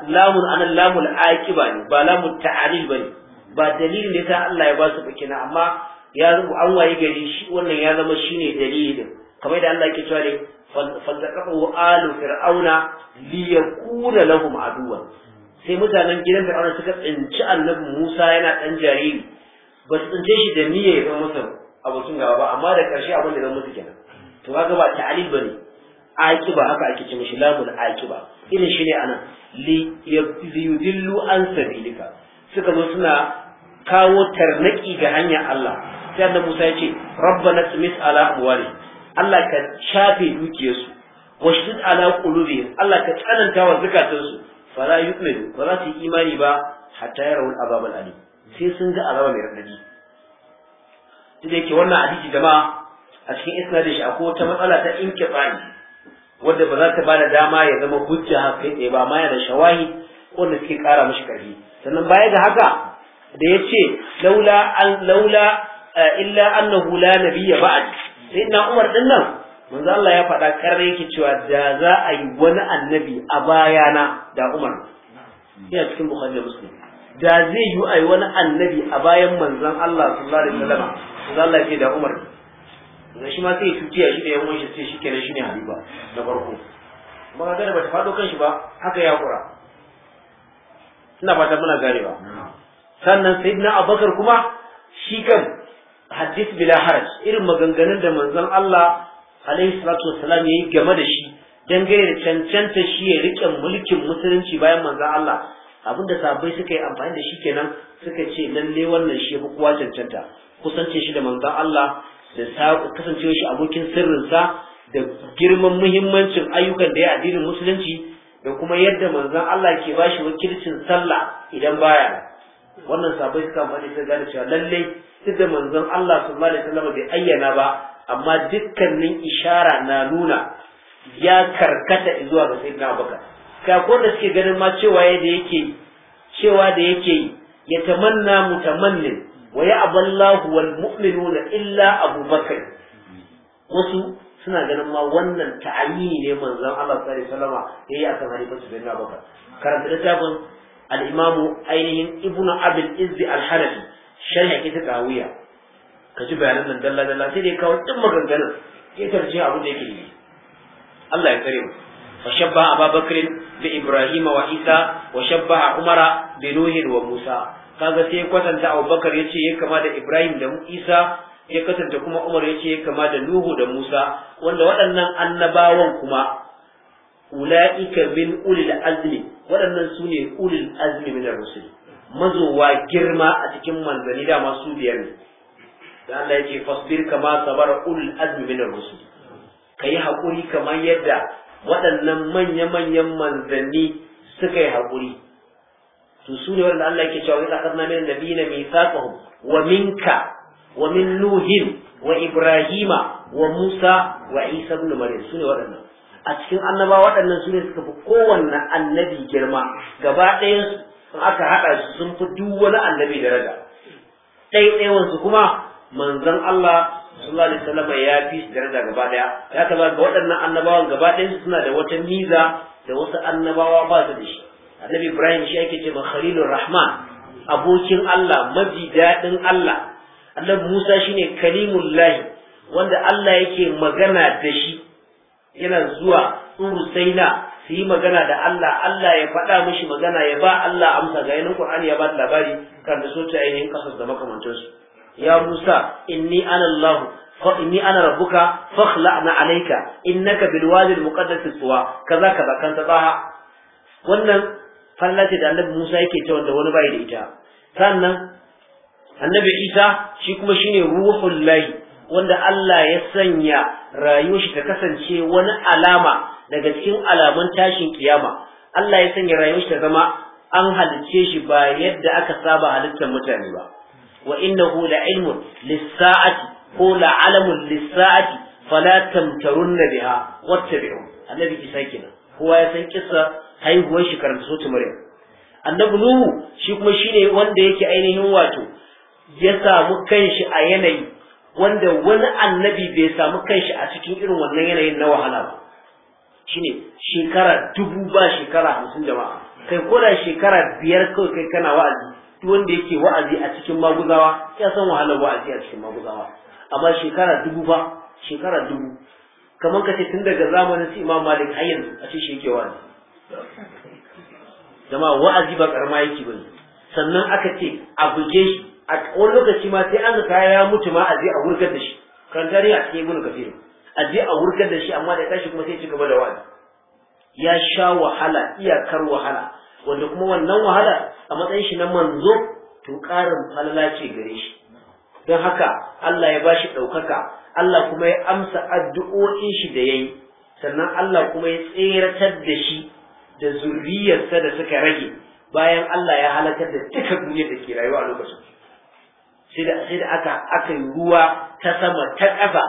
A: lamun anan lamul aqiba ne ba lamun ta'alil bane ba dalilin da ta Allah ya ba su bikina amma ya an waye gari shi wannan ya zama shine dalilin kamar da Allah yake cewa ne fadzaqahu alu fir'auna liyakuna lahum aduwan sai mutanen gidan fir'auna suka tsinci annabi Musa yana dan jariri ba su tsince shi da niyya ya zama musu abokin gaba ba amma da ƙarshe abin da zama musu kenan to kaga ba ta'alil bane Akiba haka ake ce mishi lamul aqiba irin shine anan li yudillu an sabilika suka zo suna kawo tarnaki ga hanyar Allah sai annabi Musa ya ce rabbana Smith ala amwali Allah ka shafe dukiyarsu washdid ala qulubi Allah ka tsananta wa zakatunsu fala yu'minu ba za su yi imani ba hatta yarawul azab Ali. sai sun ga azaba mai radadi duk da yake wannan hadisi jama'a a cikin isnadin shi akwai wata matsala ta inqita'i wanda ba za ta bada dama ya zama hujja haka kai ba ma yana shawahi wanda suke kara mashi karfi sannan baya ga haka da ya ce, laula an laula illa annahu la nabiyya ba'd sai na Umar din nan manzo Allah ya faɗa karre yake cewa da za a yi wani annabi a bayana da Umar ya cikin Bukhari da Muslim da zai yi a yi wani annabi a bayan manzon Allah sallallahu alaihi wasallam manzo Allah ya ce da Umar shi ma sai ya shi da yawon shi sai shi kenan shi ne habiba na farko ba ga gane ba ta faɗo kanshi ba haka ya kura ina fata muna gane ba. sannan na abubakar kuma shi kan hadith bila haraj irin maganganun da manzon Allah alaihi salatu wassalam yayi game da shi dangane da cancanta shi ya rike mulkin musulunci bayan manzon Allah abin da sabai suka yi amfani da shi kenan suka ce lalle wannan shi ya fi kowa cancanta kusance shi da manzon Allah da kasancewa shi abokin sirrinsa da girman muhimmancin ayyukan da ya addinin musulunci da kuma yadda manzon Allah ke bashi wakilcin sallah idan baya wannan sabai suka faɗi ta gane cewa lallai duk da manzon Allah sallallahu alaihi wasallam bai ayyana ba amma dukkanin ishara na nuna ya karkata zuwa ga sayyidina Abubakar ka ko da suke ganin ma cewa yake cewa da yake ya tamanna mutamannin Waya ya'ba Allah wal illa Abu Bakr wasu suna ganin ma wannan ta'ayyi ne manzon Allah sallallahu alaihi wasallam a akan halifatu bin Abubakar. Bakr da littafin al-Imam ainihin Ibn Abil Izzi al-Hanafi sharhi kita tawiya ji bayanan nan dalla dalla sai dai kawo din maganganun ya tarje abu da yake yi Allah ya kare mu فشبه أبا بكر بإبراهيم وعيسى وشبه عمر بنوح Musa. kaga sai kwatanta abubakar ya ce ya kama da ibrahim da isa ya kwatanta kuma umar ya ce ya kama da nuhu da musa wanda waɗannan annabawan kuma ula'ika min ulil azmi waɗannan su ne ulil azmi min rusul mazowa girma a cikin manzanni da masu biyar ne da Allah ya ce fasbir kama sabara ulil azmi min rusul kai haƙuri kamar yadda waɗannan manya-manyan manzanni suka yi haƙuri to su ne wanda Allah yake cewa wanda akadna min nabiyina mithaqahum wa minka wa min nuhin wa ibrahima wa musa wa isa ibn maryam su ne waɗannan a cikin annaba waɗannan su ne suka fi kowanne annabi girma gaba ɗayan aka haɗa su sun fi duk wani annabi daraja ɗaiɗaiwan su kuma manzon Allah sallallahu alaihi wasallam ya fi su daraja gaba ɗaya ya kamata waɗannan annabawan gaba ɗayan suna da wata miza da wasu annabawa ba su da shi annabi ibrahim shi ake ce khalilur rahman abokin Allah maji daɗin Allah annabi musa shine lahi, wanda Allah yake magana da shi yana zuwa tsuru saina su yi magana da Allah Allah ya faɗa mishi magana ya ba Allah amsa ga yanin Qur'ani ya ba da labari kan da soci ainihin kasar da makamancin su ya Musa inni ana Allah fa inni ana rabbuka fakhla'na alayka innaka bil wadi al muqaddas tuwa kaza kaza kan ta wannan falla ce da annabi Musa yake ta wanda wani bai da ita sannan annabi Isa shi kuma shine ruhul lahi wanda Allah ya sanya rayuwar shi ta kasance wani alama daga cikin alamun tashin kiyama Allah ya sanya rayuwar shi ta zama an halicce shi ba yadda aka saba halittar mutane ba wa innahu la ilmun lis-sa'ati ko la lis-sa'ati fala tamtarunna biha wattabi'u annabi Isa kenan kowa ya san kissa haihuwar shi karanta sautu maryam annabi nuhu shi kuma shine wanda yake ainihin wato ya samu kanshi a yanayi wanda wani annabi bai samu kanshi a cikin irin wannan yanayin na wahala ba shine shekara dubu ba shekara hamsin jama'a kai ko da shekara biyar kawai kai kana wa'azi duk wanda yake wa'azi a cikin maguzawa ya san wahalar wa'azi a cikin maguzawa amma shekara dubu ba shekara dubu kamar ka ce tun daga zamanin su imam malik har yanzu a ce shi yake wa'azi Zama wa'azi ba karama yake bane sannan aka ce a buge shi a wani lokaci ma sai an zata ya mutu ma a je a wurgar da shi kan tare a cikin ibnu kafiru a je a wurgar da shi amma da tashi kuma sai ci gaba da wa'azi ya sha wahala iyakar wahala wanda kuma wannan wahala a matsayin shi na manzo to ƙarin falala ce gare shi don haka Allah ya bashi ɗaukaka Allah kuma ya amsa addu'o'in shi da yayi sannan Allah kuma ya tseratar da shi da zuriyarsa da suka rage bayan Allah ya halakar da duka duniyar da ke rayuwa a lokacin sai da sai aka aka yi ruwa ta sama ta ƙafa,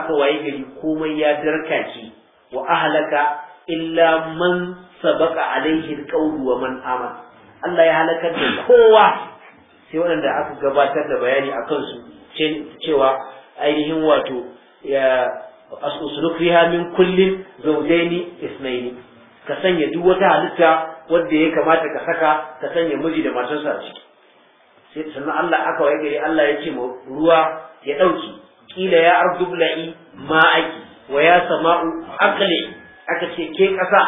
A: aka waye gari komai ya darkake wa ahlaka illa man sabaka alaihi alqawlu wa man aman Allah ya halakar da kowa sai waɗanda aka gabatar da bayani a kansu cewa ainihin wato ya asulufiha min kullin zaudaini isnaini ka sanya duk wata halitta wadda ya kamata ka saka ka sanya miji da matarsa a ciki sai sannan Allah aka waye gari Allah ya ce ruwa ya dauki kila ya ardubla'i ma'aki wa ya sama'u aqli aka ce ke kasa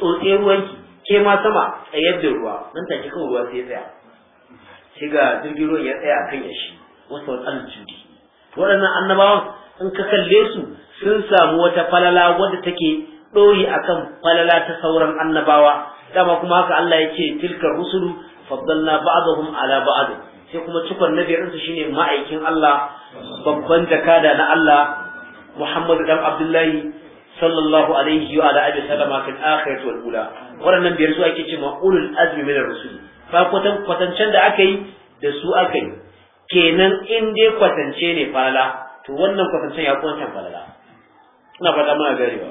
A: tsotse ruwanki ke ma sama tsayar da ruwa nan take kan ruwa sai tsaya sai ga jirgin ruwan ya tsaya kan yashi. shi wasu wani waɗannan annabawan in ka kalle su sun samu wata falala wadda take a akan falala ta sauran annabawa dama kuma haka Allah ya ce tilkar rusulu faddalna ba'dahum ala ba'd sai kuma cikon na biyar shine ma'aikin Allah babban jakada na Allah Muhammadu dan Abdullahi sallallahu alaihi wa ala alihi fil wal ula waɗannan biyar su ake cewa ulul azmi min ar-rusul fa kwatan kwatancen da aka yi da su aka yi kenan in dai kwatance ne falala to wannan kwatancen ya kwancan falala ina fata muna garewa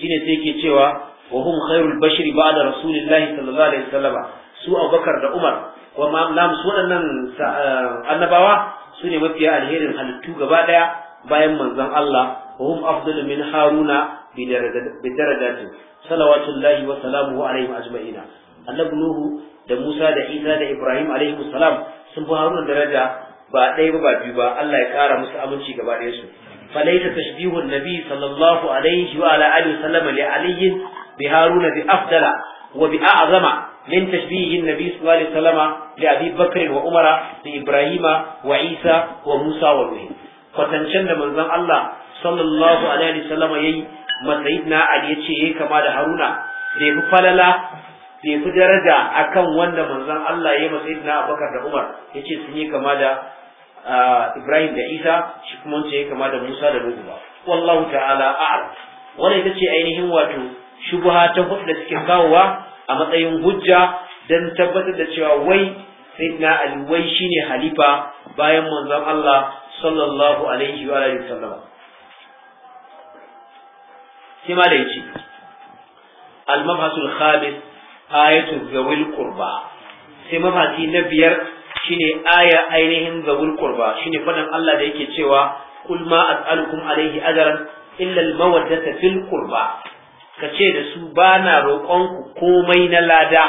A: shine sai yake cewa wa hum khairul bashri ba'da rasulillahi sallallahu alaihi wasallam su Abubakar da Umar wa ma'am su waɗannan eh, annabawa su ne mafiya alherin halittu gaba daya bayan manzon Allah wa hum afdalu min Haruna bi darajati llahi wa salamuhu alaihim ajma'in annabi Nuhu da Musa da Isa da Ibrahim alaihi salam sun fi Haruna daraja ba ɗaya ba ba biyu ba Allah ya ƙara musu aminci gaba ɗaya su فليس تشبيه النبي صلى الله عليه وعلى آله وسلم لعلي بهارون بأفضل وبأعظم من تشبيه النبي صلى الله عليه وسلم لأبي بكر وعمر لإبراهيم وعيسى وموسى ونوح kwatancen da manzon Allah sallallahu alaihi wasallam yayi masayidna Ali yace yayi kama da Haruna da yafi falala da yafi daraja akan wanda manzon Allah yayi masayidna Abubakar da Umar yace sun yi kama da Ibrahim da Isa shi kuma wanda ya kama da Musa da Nuhu ba wallahu ta'ala a'lam wannan ita ce ainihin wato shubha ta hudu da suke kawowa a matsayin hujja dan tabbatar da cewa wai sayyidina Ali wai shine halifa bayan manzon Allah sallallahu alaihi wa alihi sai ma da yace al-mabhasul khamis ayatu zawil qurba sai mabhasi na biyar shine aya ainihin zawul qurba shine fadan Allah da yake cewa kul ma as'alukum alaihi ajran illa al mawaddata fil qurba kace da su bana roƙonku komai na lada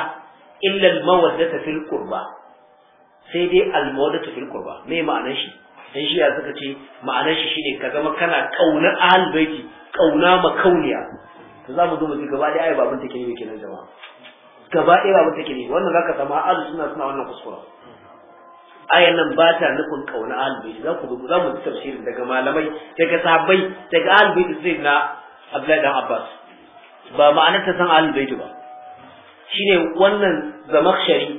A: illa al mawaddata fil qurba sai dai al mawaddata fil qurba me ma'anar shi dan shi ya suka ce ma'anar shi shine ka zama kana kauna ahlul baiti kauna makauniya to za mu zo mu ji gaba ɗaya ai babun take ne kenan jama'a gaba ɗaya babun take ne wannan zaka samu ahlus sunna suna wannan kuskura ayan nan ba ta nufin kauna ahlul za ku za mu tafsiri daga malamai daga sabai daga ahlul sai na Abdullahi dan Abbas ba ma'anar ta san ahlul ba shine wannan zamakhshari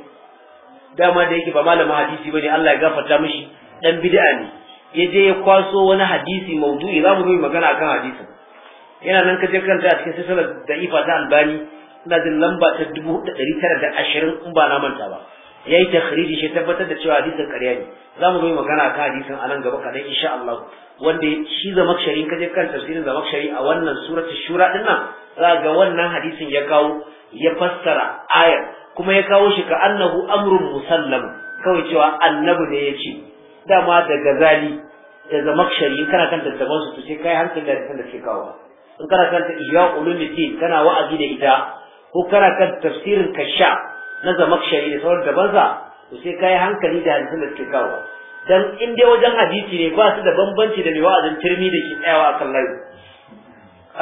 A: dama da yake ba malamin hadisi bane Allah ya gafarta mishi dan bid'a ne ya je ya kwaso wani hadisi maudu'i za mu yi magana akan hadisin yana nan ka je kanta a cikin sallar da ifa ta albani ina jin lamba ta dubu da ashirin in ba na manta ba yayi takhriji shi tabbatar da cewa hadisin ƙarya ne zamu zo magana kan hadisin anan gaba kadan insha Allah wanda shi zamakshari kaje kan tafsirin zamakshari a wannan suratul shura din nan za ga wannan hadisin ya kawo ya fassara ayar kuma ya kawo shi ka annahu amrun musallam kawai cewa annabi ne yace dama da gazali da zamakshari in kana kan tattaban su sai kai hankali da kan da ke kawo in kana kan ta iya ulumuddin kana wa'azi da ita ko kana kan tafsirin kasha na zamakshari da sauran gabansa to sai kai hankali da hadisin da suke kawo dan in dai wajen hadisi ne ba su da bambanci da mai wa'azin turmi da ke tsayawa a kan layi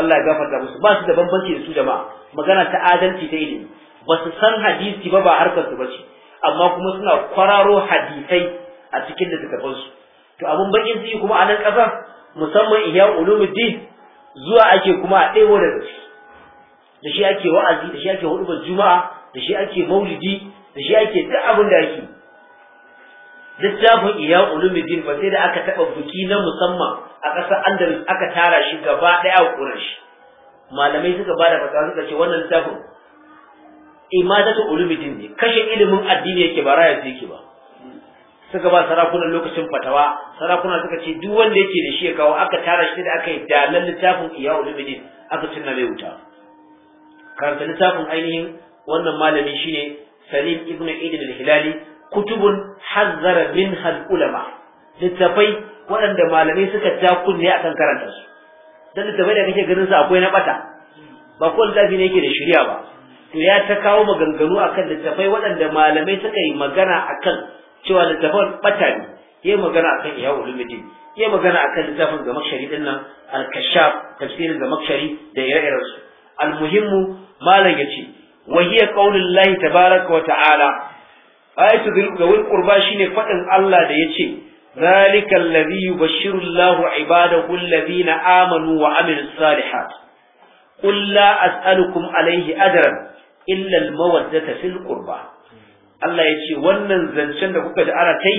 A: Allah ya gafarta musu ba su da bambanci da su jama'a magana ta adalci ta ilimi ba su san hadisi ba ba harkar su bace amma kuma suna kwararo hadisai a cikin suka su to abun bakin su kuma a nan ƙasa musamman ihya ulumuddin zuwa ake kuma a ɗewo daga da shi ake wa'azi da shi ake hudubar juma'a da shi ake maulidi da shi ake duk abin da ake littafin iya ulumuddin ba sai da aka taɓa buki na musamman a ƙasar andalus aka tara shi gaba ɗaya a ƙurar shi malamai suka ba da fasaha suka ce wannan littafin imadatu ulumuddin ne kashe ilimin addini yake ba raya yake ba suka ba sarakunan lokacin fatawa sarakuna suka ce duk wanda yake da shi ya kawo aka tara shi da aka yi dalan littafin iya ulumuddin aka cinna mai wuta karanta littafin ainihin wannan malami shine Salim ibn Idil al-Hilali kutubun hazzara min hal ulama littafai waɗanda malamai suka ja kunne kan karanta su dan littafai da kake ganin su akwai na bata ba ko littafi ne yake da shari'a ba to ya ta kawo maganganu akan littafai waɗanda malamai suka yi magana akan cewa littafan bata ne yayi magana akan iyawu ulumuddin ya magana akan littafin ga makshari din nan al-kashaf tafsirin ga makshari da ire-irensu al-muhimmu malam yace wa hiya qaulullahi tabaraka wa ta'ala ayatu dhil qawil qurba shine fadin Allah da yace zalika alladhi yubashshiru Allahu ibadahu alladhina amanu wa amilus salihat qul la as'alukum alayhi ajran illa almawaddata fil qurba Allah yace wannan zancen da kuka da ana kai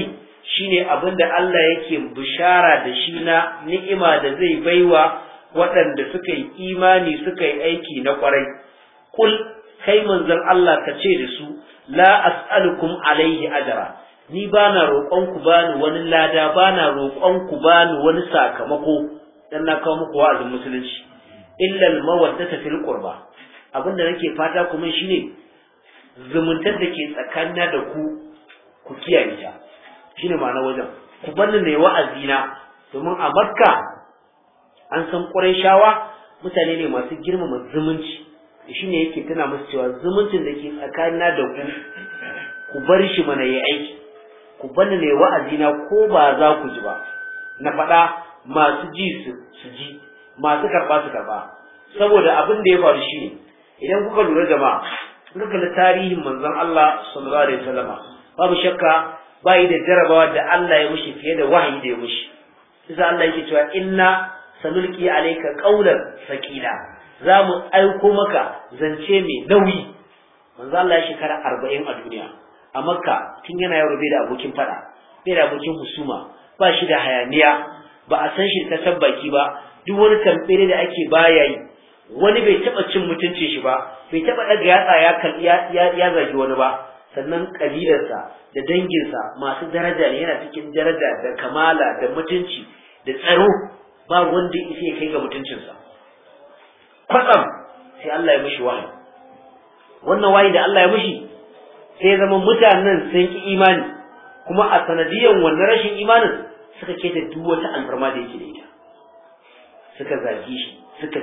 A: shine abinda Allah yake bishara da shi na ni'ima da zai baiwa waɗanda suka yi imani suka yi aiki na kwarai kul kai manzon Allah ka ce da su la as'alukum alaihi ajra ni bana roƙon ku bani wani lada bana roƙon ku bani wani sakamako dan na kawo muku wa'azin musulunci illa al mawaddata fil qurba abinda nake fata ku mun shine zumuntar da ke tsakanina da ku ku kiyaye ta shine ma'ana wajen ku ni ne wa'azi na domin a makka an san ƙurai mutane ne masu girmama zumunci ne yake tana masu cewa zumuncin da ke tsakanina da ku ku bar shi mana yi aiki ku bani ne wa'azi na ko ba za ku ji ba na faɗa masu ji su ji masu karɓa su karɓa saboda abin da ya faru shi ne idan kuka lura jama'a kuka kalli tarihin manzon Allah sallallahu alaihi wasallam babu shakka bai da jarabawa da Allah ya mushi fiye da wahayi da ya mushi sai Allah yake cewa inna sanulqi alayka qawlan saqila za mu aiko maka zance mai nauyi manzo Allah ya shekara arba'in a duniya a makka tun yana yaro bai da abokin faɗa bai da abokin husuma ba shi da hayaniya ba a san shi ta tabbaki ba duk wani tamfere da ake baya yi wani bai taba cin mutuncin shi ba bai taɓa ɗaga yatsa ya ya zagi wani ba sannan kabilarsa da danginsa masu daraja ne yana cikin daraja da kamala da mutunci da tsaro ba wanda ya kai ga mutuncinsa kwatsam sai Allah ya mishi wahayi wannan wahayi da Allah ya mishi sai zama mutanen sun ki imani kuma a sanadiyan wannan rashin imanin suka ke da duk wata alfarma da yake da ita suka zagi shi suka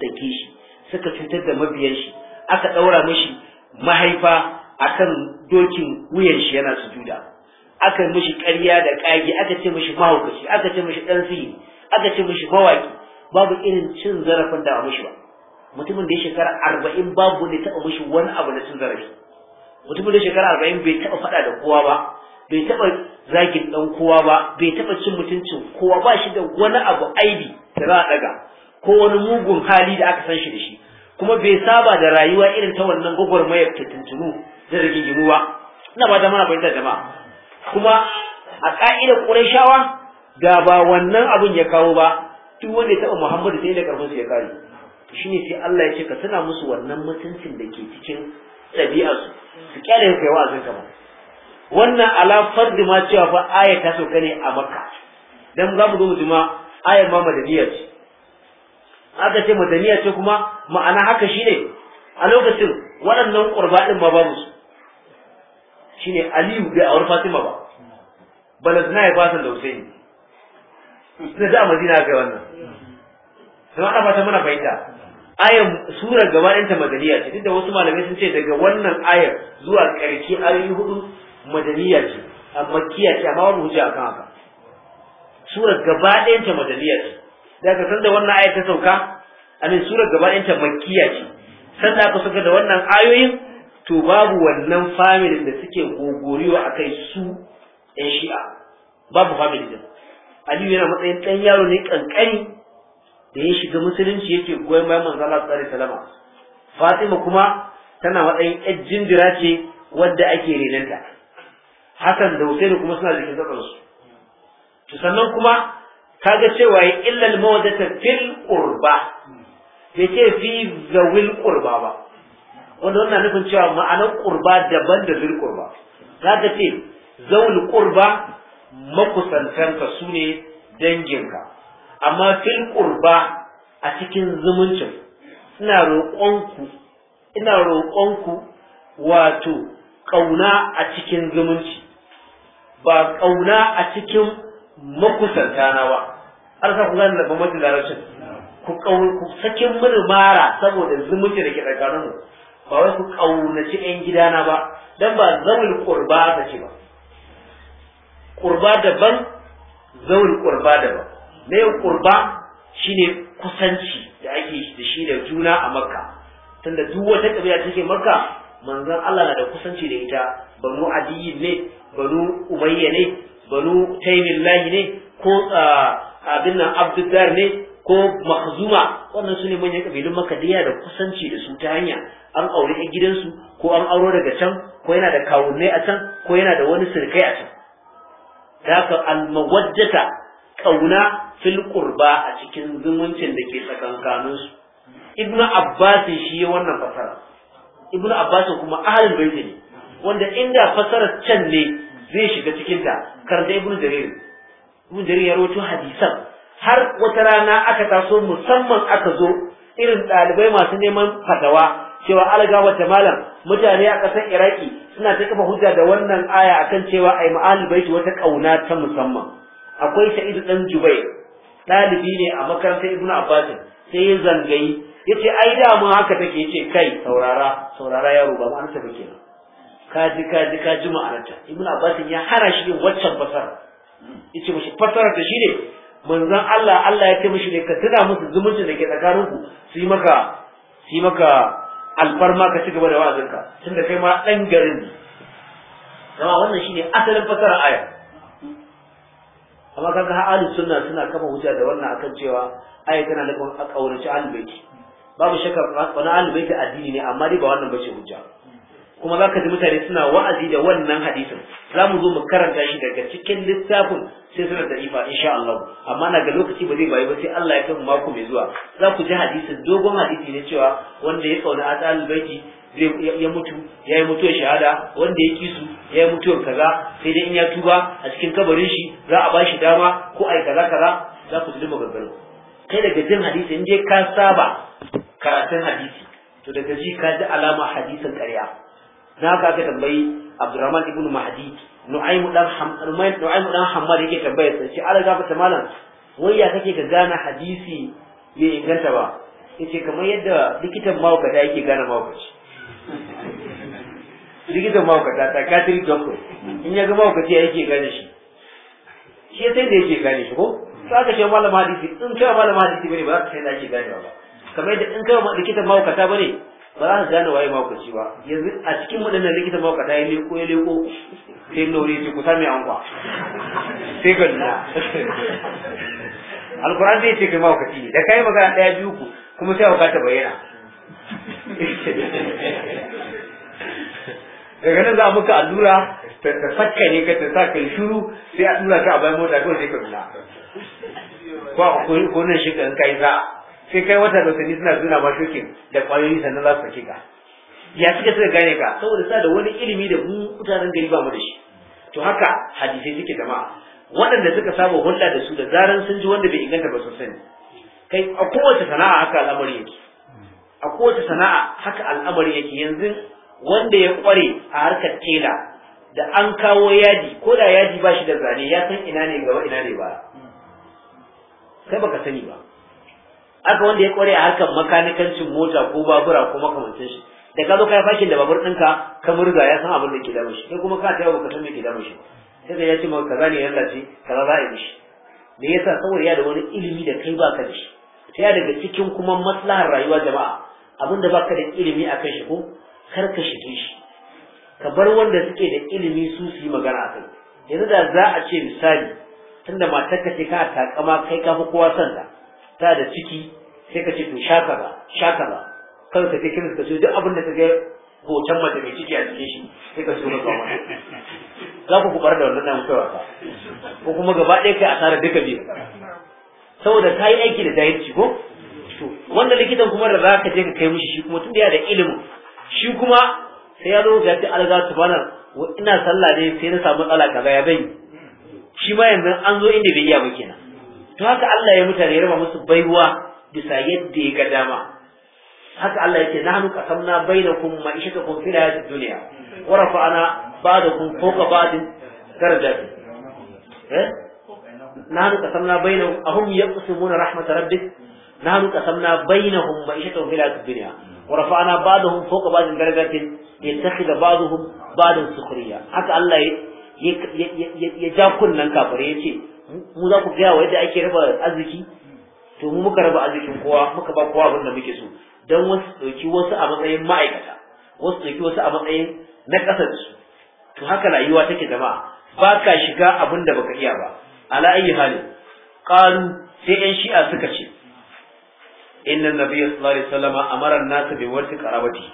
A: dake shi suka cutar da mabiyan shi aka daura mishi mahaifa akan dokin wuyan shi yana sujuda aka mishi ƙarya da ƙage aka ce mishi mahaukaci aka ce mishi ɗan sihiri aka ce mishi mawaki babu irin cin zarafin da a mushi ba mutumin da ya shekara arba'in babu ne ya mushi wani abu na cin zarafi mutumin da shekara arba'in bai taba faɗa da kowa ba bai taɓa zagin dan kowa ba bai taɓa cin mutuncin kowa ba shi da wani abu aibi da za a ɗaga ko wani mugun hali da aka san shi da shi kuma bai saba da rayuwa irin ta wannan gwagwarmayar ta tuntunu da ba ina ba da mana fahimtar jama'a kuma a ƙa'idar shawa da ba wannan abin ya kawo ba duk wanda ya taɓa Muhammadu sai da karfin ya kare shine sai Allah ya ce ka tuna musu wannan mutuncin da ke cikin ɗabi'a su su kyale kai wa'azin ka wannan ala fardi ma cewa fa aya ta sauka ne a Makka dan za mu zo mu ji ma ayar ma madaniya ce aka ce madaniya ce kuma ma'ana haka shine a lokacin waɗannan ƙurba ɗin ma babu su shine Aliyu bai auri Fatima ba balazna ya fasa da Husaini sun ji a madina aka wannan sun ana fata mana fahimta ayar sura gaba ɗanta madaniya ce duk da wasu malamai sun ce daga wannan ayar zuwa ƙarshe ayoyi hudu madaniya ce a makiya ce amma wani hujja kan haka Sura gaba ɗanta madaniya ce da aka san da wannan ayar ta sauka amin sura gaba ɗanta makiya ce sannan aka saka da wannan ayoyin to babu wannan familin da suke gogoriwa akai su 'yan shi'a babu familin din aliyu yana matsayin ɗan yaro ne ƙanƙani da ya shiga musulunci yake goyon bayan manzo Allah sallallahu alaihi wasallam fatima kuma tana matsayin yar jinjira ce wadda ake renanta hasan da Hussein kuma suna jikin tsatsarsu to sannan kuma kaga cewa ya illal mawadata fil qurba bai ce fi zawil qurba ba wanda wannan nufin cewa ma'anar qurba daban da zil qurba zaka ce zawul qurba makusantanka su ne danginka amma fil ƙurba a cikin zumuncin ina roƙonku ina roƙonku wato ƙauna a cikin zumunci ba ƙauna a cikin makusanta na ba har sa ku gane da bambancin ku ku sakin mini mara saboda zumunci da ke tsakaninmu ba wai ku ƙaunaci 'yan gidana ba dan ba zawul ƙurba ta ce ba ƙurba daban zaul ƙurba daban mai ƙurba shine kusanci da ake da shi da juna a makka tunda duk wata kabila take makka manzon Allah na da kusanci da ita banu adiyi ne banu umayya ne banu taymillahi ne ko abin nan ne ko Mahzuma. wannan su ne manyan kabilun makka da yana da kusanci da su ta hanya an aure gidansu ko an auro daga can ko yana da kawunnai a can ko yana da wani sirkai a can Daka almawajjata kauna fil qurba a cikin zumuncin da ke tsakankanin su. Ibnu Abbas shi ya wannan fasara. Ibnu Abbas kuma ahlul ne wanda inda fasarar can ne zai shiga cikin ta karda Ibn Jarir. Ibn Jarir ya hadisan har wata rana aka taso musamman aka zo irin ɗalibai masu neman fadawa cewa alga wata malam mutane a ƙasar iraki suna ta kafa hujja da wannan aya akan cewa ai ma'al baiti wata kauna ta musamman akwai sa'idu dan jubair ɗalibi ne a makarantar ibnu abbas sai ya zangayi yace ai da mun haka take ce kai saurara saurara yaro ba ma'anar ta kenan ka ji ka ji ka ji ma'anarta ibnu abbas ya hana shi waccan fasara yace mishi fasarar da shi ne manzon Allah Allah ya ce mishi ne ka tuna musu zumuncin da ke tsakaninku su yi maka su yi maka alfarma ka ci gaba da wa'azinka da kai ma ɗan garin ne amma wannan shine asalin fasara aya amma kaga ahli sunna suna kafa hujja da wannan akan cewa aya tana da a kaurace ahlul baiti babu shakka wani ahlul addini ne amma dai ba wannan bace hujja kuma za ka ji mutane suna wa'azi da wannan hadisin za mu zo mu karanta shi daga cikin littafin sai suna da ifa insha Allah amma na ga lokaci ba zai bayi ba sai Allah ya kai mako mai zuwa za ku ji hadisin dogon hadisi ne cewa wanda ya a tsarin baiti ya mutu ya yi mutuwar shahada wanda ya kisu ya yi mutuwar kaza sai dai in ya tuba a cikin kabarin shi za a bashi dama ko ai kaza kaza za ku ji maganganu kai daga jin hadisi in dai ka saba karatun hadisi to daga ji ka ji alama hadisin ƙarya Na haka aka tambayi Abdurrahman ibn Mahdi Nu'aymu dan Hamad Nu'aymu dan Hamad yake tambayar sai ce Allah gafarta malam wai ya kake ka gane hadisi bai inganta ba yace kamar yadda likitan mahaukata yake gane mawukaci likitan mahaukata psychiatric doctor in ya ga mawukaci ya yake gane shi shi sai da yake gane shi ko sai ka ce malam hadisi in kai malam hadisi bane ba za ka sai da yake gane ba kamar yadda in kai likitan mahaukata bane ba za ka gane waye makwaci ba yanzu a cikin waɗannan likitan ta ya leko ya leko sai nori ce kusa mai kwa sai ganna alkuran zai ce kai makwaci ne da yi magana ɗaya biyu ku kuma sai hauka ta bayyana daga nan za a muka allura ta sakka ne ka ta sa kai shuru sai a dura ta a bayan mota ko sai ka nuna ko a kunan shi ka yi kai za sai kai wata da wasanni suna zuna ma shokin da kwayoyi sannan za su sake ka ya suke suka gane ka saboda sa da wani ilimi da mu mutanen gari ba mu da shi to haka hadisai suke jama'a waɗanda suka saba hulɗa da su da zaran sun ji wanda bai inganta ba su sani kai a kowace sana'a haka al'amari yake a kowace sana'a haka al'amari yake yanzu wanda ya kware a harkar tela da an kawo yadi, ko da yadi ba shi da zane ya san ina ne gaba ina ne ba kai baka sani ba aka wanda ya kware a harkar makanikancin mota ko babura ko makamancin shi da ka zo ka da babur ɗinka ka murga ya san abin da ke damun shi kai kuma ka tayawa bukatun san me ke damun shi sai da ya ce maka kaza ne ya ce kaza za a yi mishi me yasa saboda ya da wani ilimi da kai baka da shi ta ya daga cikin kuma maslahar rayuwa jama'a abin da baka da ilimi a kai shi ko kar ka shige shi ka bar wanda suke da ilimi su su yi magana a kai yanzu da za a ce misali tunda matar ka ce ka takama kai ka fi kowa son ta da ciki sai ka ce to sha ba sha ba kar ka je kiris ka so duk abin da ka ga hoton mace mai ciki a cikin shi sai ka so na ba za ku kubar da wannan nan kai ba ko kuma gaba ɗaya kai asara duka biyu saboda ta yi aiki da jahilci ko to wanda likitan kuma da za ka je ka kai mishi shi kuma tunda ya da ilimin shi kuma sai ya zo ga ta alga subhanar ina sallah ne sai na samu matsala kaza ya bai shi ma yanzu an zo inda bai iya ba kenan to haka Allah ya mutane ya raba musu baiwa bisa yadda ya ga dama haka Allah yake nahnu qasamna bainakum ma'ishatakum fil hayatid dunya wa rafa'na ba'dakum fawqa ba'din darajat eh nahnu qasamna bainahum ahum yaqsimuna rahmat rabbik nahnu qasamna bainahum ma'ishatakum fil hayatid dunya wa rafa'na ba'dahum fawqa ba'din darajat yattakhidha ba da sukhriya haka Allah ya ja kunnan ya yace mu za ku gaya wa yadda ake raba arziki to mu muka raba arzikin kowa muka ba kowa abin da muke so don wasu ɗauki wasu a matsayin ma'aikata wasu ɗauki wasu a matsayin na ƙasa su to haka rayuwa take jama'a ba ka shiga abin baka iya ba ala ayi hali qalu sai yan shi'a suka ce inna nabiyyu sallallahu alaihi wasallam amara an-nas bi wati qarabati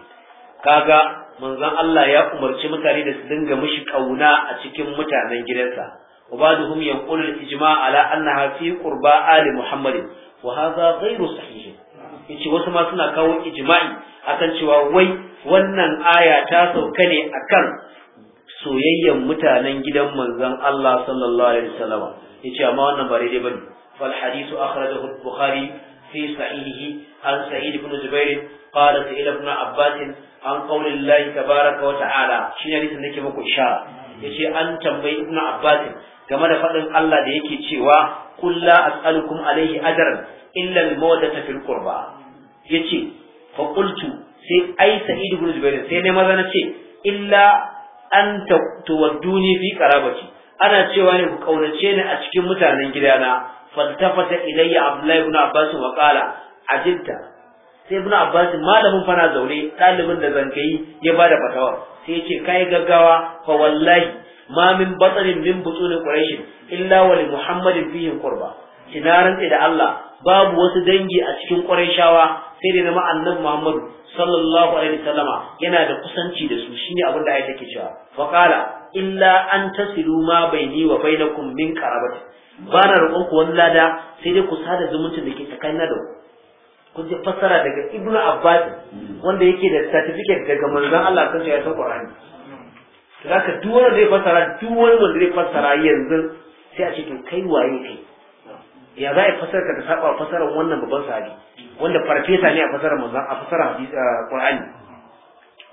A: kaga manzon Allah ya umarci mutane da su dinga mishi kauna a cikin mutanen gidansa وبعضهم يقول الإجماع على أنها في قرباء آل محمد وهذا غير صحيح yace wasu ma suna kawo ijma'i akan cewa wai wannan aya ta sauka ne akan soyayyen mutanen gidan manzon Allah sallallahu alaihi wasallam yace amma wannan ba daidai bane fal hadithu akhrajahu al-bukhari fi sahihihi an sa'id ibn zubair qala sa'id ibn abbas an qaulillahi tabaaraka wa ta'ala nake muku isha yace an tambayi game da faɗin Allah da yake cewa kulla la as'alukum alaihi ajran illa al-mawaddata fil qurba yace fa qultu sai ai sa'id ibn sai ne maza ce illa an tuwadduni fi qarabati ana cewa ne ku kaunace ni a cikin mutanen gidana faltafata ilayya abdullahi ibn abbas wa qala ajinta sai ibn abbas malamin fana zaune dalibin da zankayi ya bada fatawa sai yace kai gaggawa fa wallahi Mamin min batsarin min butsunin illa wa li muhammadin fihi qurba ina rantsa da Allah babu wasu dangi a cikin shawa, sai da ma annabi muhammad yana da kusanci da su shine abin da ayat take cewa fa qala illa an tasilu ma baini wa bainakum min qarabati ba na roƙon ku wani lada sai dai ku sada zumuncin da ke tsakanin da kun ji fassara daga ibnu abbas wanda yake da certificate daga manzon Allah kan ya san qur'ani zaka duk wanda zai fassara duk wanda zai fassara yanzu sai a ce to kai waye kai ya za a fasarka ta saba fasarar wannan babban sahabi wanda farfesa ne a fasarar manzon a fasarar Qur'ani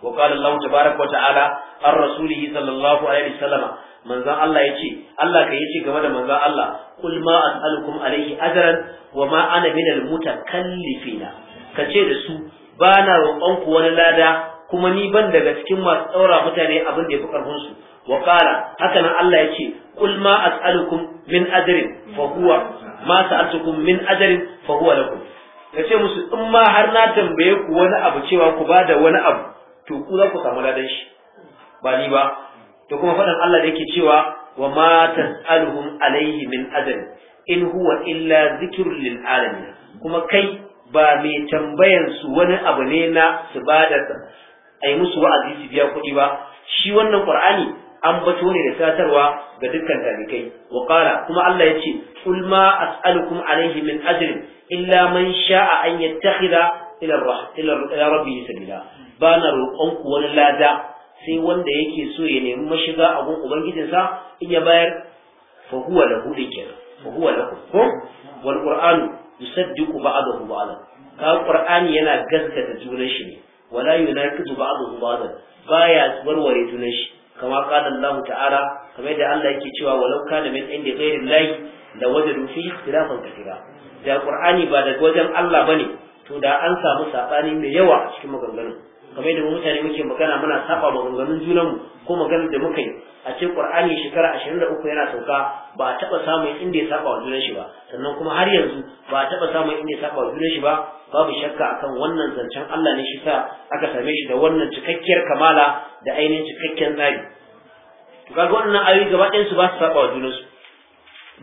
A: wa qala Allah wa ta'ala ar rasulihi sallallahu alaihi wasallam manzon Allah yace Allah kai yace game da manzon Allah kul ma as'alukum alaihi ajran wa ma ana minal mutakallifina kace da su bana roƙon ku wani lada kuma ni ban daga cikin masu tsaura mutane abin da ya fi karfin su wa qala haka nan Allah yake kul ma as'alukum min ajrin fa huwa ma sa'atukum min ajrin fa huwa lakum ce musu in ma har na tambaye ku wani abu cewa ku bada wani abu to ku za ku samu ladan shi ba ni ba to kuma faɗan Allah da yake cewa wa ma tas'aluhum alaihi min ajrin in huwa illa zikrun lil alamin kuma kai ba mai tambayan su wani abu ne na su bada a yi musu wa'azi su biya kuɗi ba shi wannan qur'ani an bato ne da satarwa ga dukkan talikai wa qala kuma Allah ya ce qul ma as'alukum alayhi min ajrin illa man sha'a an yattakhidha ila ila rabbihi sabila ba na roƙonku wani lada sai wanda yake so ya nemi mashiga a gun ubangijinsa in ya bayar fa huwa lahu kenan fa huwa lahu ko wal qur'anu yusaddiqu ba'dahu ba'dan ka qur'ani yana gaskata junan shi ne wala yunaqidu ba'dahu ba'dan baya warware junan shi kama qala Allah ta'ala kamar da Allah yake cewa walau kana min inda ghairi da la wajadu fi ikhtilafan katira da Qur'ani ba daga wajen Allah bane to da an samu sabani mai yawa a cikin maganganun kamar da mutane muke magana muna saba junan mu ko maganar da muka yi a ce qur'ani shekara 23 yana sauka ba a taba samun inda ya saba wa junan shi ba sannan kuma har yanzu ba a taba samun inda ya saba wa junan shi ba babu shakka akan wannan zancen Allah ne shi sa aka same shi da wannan cikakkiyar kamala da ainihin cikakken tsari to kaga wannan ayoyi gaba ɗayan su ba su saba wa junan su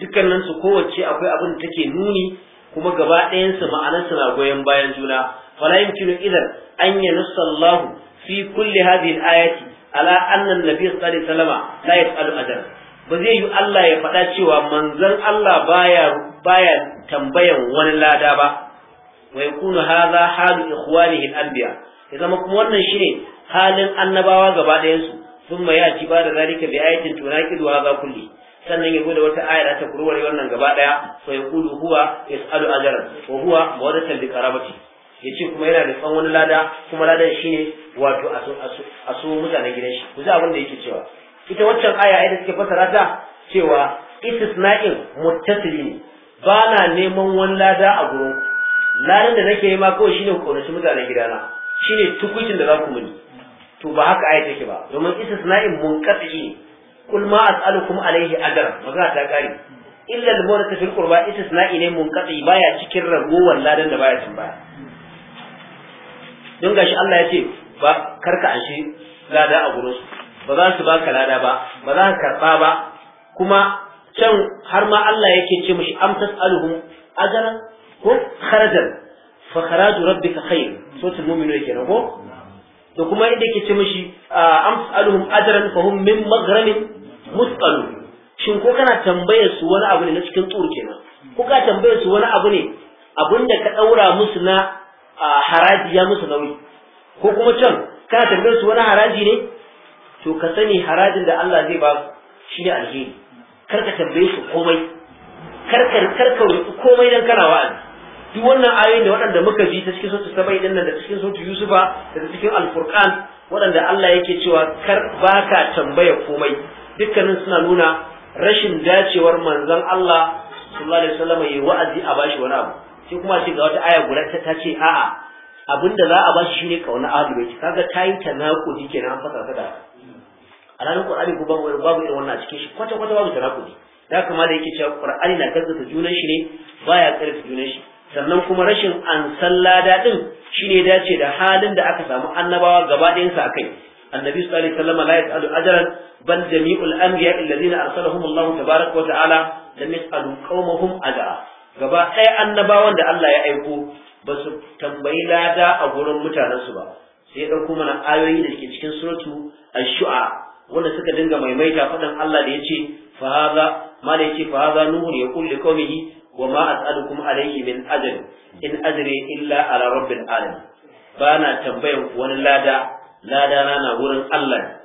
A: dukkanin su kowace akwai abin da take nuni kuma gaba ɗayan su ma'anar na goyon bayan juna فلا يمكن إذن أن ينص الله في كل هذه الآية على أن النبي صلى الله عليه وسلم لا يسأل أجرا بزي الله يفتا cewa manzan Allah baya baya tambayan wani lada ba wa yakunu hadha halu ikhwanihi al-anbiya ya zama kuma wannan shine halin annabawa gaba sun su thumma yati ba da zalika bi kulle. sannan ya da wata aya ta kuruwar wannan gaba ɗaya fa yaqulu huwa yasalu ajran wa huwa mawadatan li ya ce kuma yana da tsawon wani lada kuma ladan shi ne wato a so mutanen gidan shi ku ji abin da yake cewa ita waccan aya ai da suke fasara ta cewa istisna'in muttasili ne ba na neman wani lada a gurin ladan da nake yi ma kawai shine ku kaunaci mutanen gidana shine tukucin da za ku muni to ba haka aya take ba domin istisna'in munqati ne kul ma as'alukum alayhi ajran magana ta kare illa al-mawrata fil qurba istisna'in ne munqati baya cikin ragowar ladan da baya tun baya don gashi Allah ya ce ba karka ashe lada a gurinsu. ba za su baka lada ba ba za ka karba ba kuma can har ma Allah yake ce mishi am tas'aluhum ajran ko kharajan fa kharaju rabbika khair suratul mu'minun kenan ko da kuma inda yake ce mishi am tas'aluhum ajran fa hum min maghramin musqalun shin ko kana tambayar su wani abu ne na cikin tsur kenan ko ka tambayar su wani abu ne abinda ka daura musu na A haraji ya musu nauyi ko kuma can kana tambayar su wani haraji ne to ka sani harajin da Allah zai ba shi ne alheri kar ka tambaye su komai kar ka kar ka komai dan kana wa'azi duk wannan ayoyin da waɗanda muka ji ta cikin sautu sabai din nan da cikin sautu yusufa da cikin alqur'an waɗanda Allah yake cewa kar baka tambaya komai dukkanin suna nuna rashin dacewar manzon Allah sallallahu alaihi wasallam yayi wa'azi a bashi wani abu shi kuma ce ga wata aya guda ta ce a'a abinda za a bashi shine kauna ahlul bait kaga ta yi ta tanakudi kenan an fasa ta da a ranar qur'ani ko babu babu irin wannan a cikin shi kwata kwata babu ta tanakudi da kuma da yake cewa qur'ani na gazzata junan shi ne baya karfi junan shi sannan kuma rashin ansan lada din shine dace da halin da aka samu annabawa gaba ɗayan sa kai. annabi sallallahu alaihi wasallam la yas'alu ajran bal jami'ul anbiya alladhina arsalahum Allah tabaarak wa ta'ala lam yas'alu qaumahum ajra gaba ɗaya annabawan da Allah ya aiko ba su tambayi lada a gurin mutanensu ba sai ya ɗauko mana ayoyi da ke cikin suratu ashua, wanda suka dinga maimaita faɗin Allah da yace fa hadha ma da yace fa hadha nuhun yaqul liqaumihi wa ma as'alukum alayhi min ajr in ajri illa ala rabbil alamin bana tambayan wani lada lada na na gurin Allah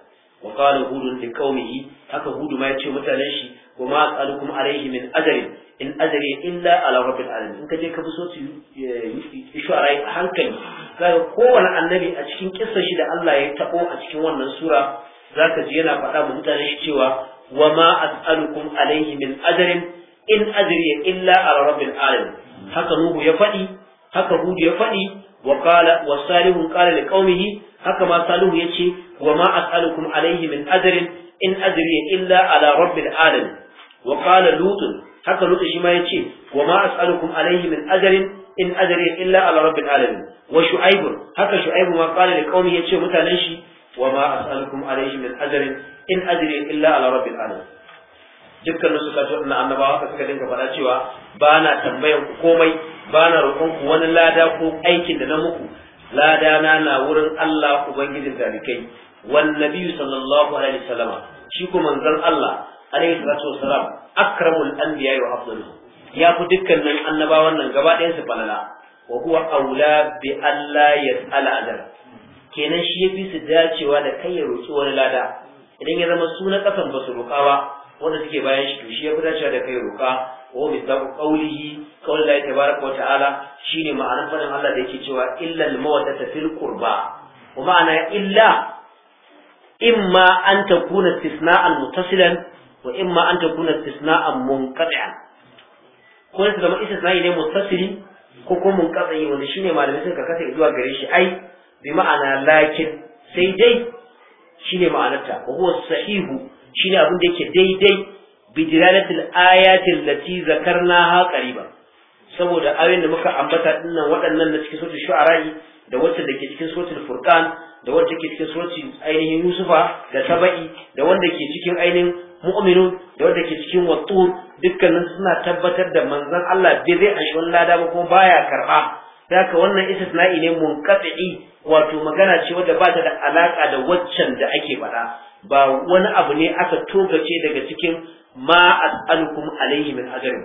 A: wa qala hudun li haka hudu ma yace mutanen shi wa ma asalukum alayhi min ajrin in ajri illa ala rabbil alamin in kaje ka bi so ishara a hankali zaka kowane annabi a cikin kissa da Allah ya taɓo a cikin wannan sura zaka ji yana faɗa mu mutanen shi cewa wa ma as'alukum alayhi min ajrin in ajri illa haka nuhu ya faɗi haka hudu ya faɗi wa haka ma salihu ya ce wa ma as'alukum alaihi min ajrin in ajriya illa ala rabbil alamin wa qala lutun haka lutun shi ma ya ce wa ma as'alukum alaihi min ajrin in ajriya illa ala rabbil alamin wa shu'aib haka shu'aib ma qala liqaumi ya ce mutanen shi wa ma as'alukum alaihi min ajrin in ajriya illa ala rabbil alamin dukkanin su kasu waɗannan annabawa haka suka dinga faɗa cewa ba na tambayan ku komai ba na roƙon ku wani lada ko aikin da na muku ladana na wurin Allah ubangijin dalikai wan nabiyyu sallallahu alaihi wasallam shi ko manzon Allah alaihi salatu wasalam akramul anbiya wa afdalu ya fi dukkanin annabawan nan gaba ɗayan su falala wa huwa aula bi Allah yas'ala adar kenan shi ya fi su dacewa da kai ya roki wani lada idan ya zama su na kasan ba su roƙa ba wanda suke bayan shi to shi ya fi dacewa da kai roƙa wa mithaqu qawlihi qawl la tabaraka wa ta'ala shine ma'anar fadin Allah da yake cewa illa al mawaddata fil qurba wa ma'ana illa imma an takuna istisna'an muttasilan wa imma an takuna istisna'an munqati'an ko ne zama istisna'i ne muttasili ko kuma munqati wanda shine malamai ka kasa zuwa gare shi ai bi ma'ana lakin sai dai shine ma'anarta wa huwa sahihu shine abin da yake daidai bijilalatil ayatil lati zakarnaha qariban saboda ayoyin da muka ambata dinnan waɗannan na cikin suratul shu'ara da wacce da ke cikin suratul furqan da wacce ke cikin suratul ainihin yusufa da saba'i da wanda ke cikin ainihin mu'minun da wanda ke cikin wattur dukkanin suna tabbatar da manzon Allah bai zai anshi wani lada ba kuma baya karba da haka wannan istisna'i ne munqati wato magana ce wadda ba ta da alaka da waccan da ake faɗa ba wani abu ne aka togace daga cikin ma as'alukum alayhi min ajrin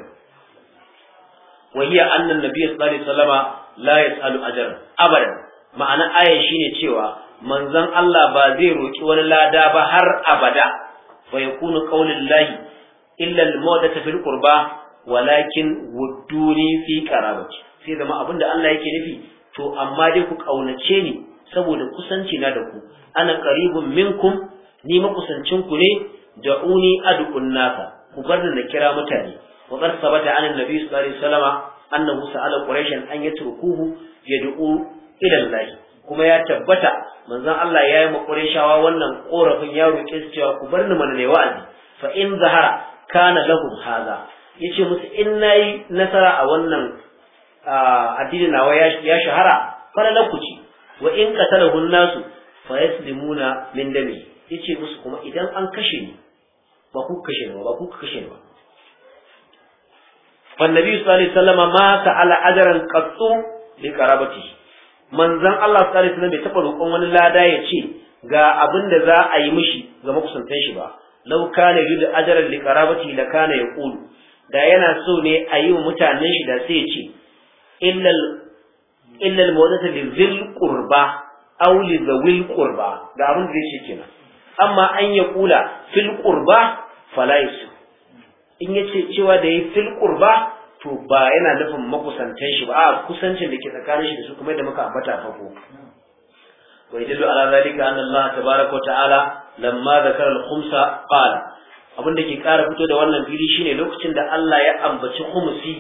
A: wa hiya anna an-nabiy sallallahu alaihi wasallama la yas'alu ajran abadan ma'ana a'yan shine cewa manzon Allah ba zai roki wani lada ba har abada wa yakunu qaulullahi illa al mawdatu fil qurba walakin wudduni fi qarabati sai zama abin da Allah yake nufi to amma dai ku kaunace ni saboda kusanci na da ku ana qaribun minkum ni makusancin ku ne da'uni ad'un nasa ku bar da kira mutane wa bar sabata an annabi sallallahu alaihi wasallama annahu sa'ala quraishan an yatrukuhu yad'u ila Allah kuma ya tabbata manzon Allah ya yi makurishawa wannan korafin ya roƙe su cewa ku bar ni mana ne wa'azi fa in zahara kana lahum haza yace musu in nayi nasara a wannan addinin nawa ya shahara fara ku kuci wa in qatalahu nasu fa yaslimuna min dami yace musu kuma idan an kashe ni ba ku kashe ni ba ku kashe ni ba فالنبي صلى الله عليه وسلم ما ajran qattu li qarabati manzon Allah sallallahu alaihi wasallam bai taba roƙon wani lada ya ce ga abin da za a yi mishi ga makusantan shi ba law kana yudu ajran li qarabati la kana yaqulu da yana so ne a yi wa mutanen shi da sai ya ce illal mawadata li zil qurba aw li zawil qurba ga abin da yake kenan amma an ya kula fil qurba fala yasu in yace cewa da yi fil qurba to ba yana nufin makusantan shi ba a kusancin da ke tsakanin shi da su kuma da muka ambata farko wa yadullu ala zalika anna Allah tabaaraka wa ta'ala lamma zakara al-khumsa qala abin da ke ƙara fito da wannan fili shine lokacin da Allah ya ambaci khumsi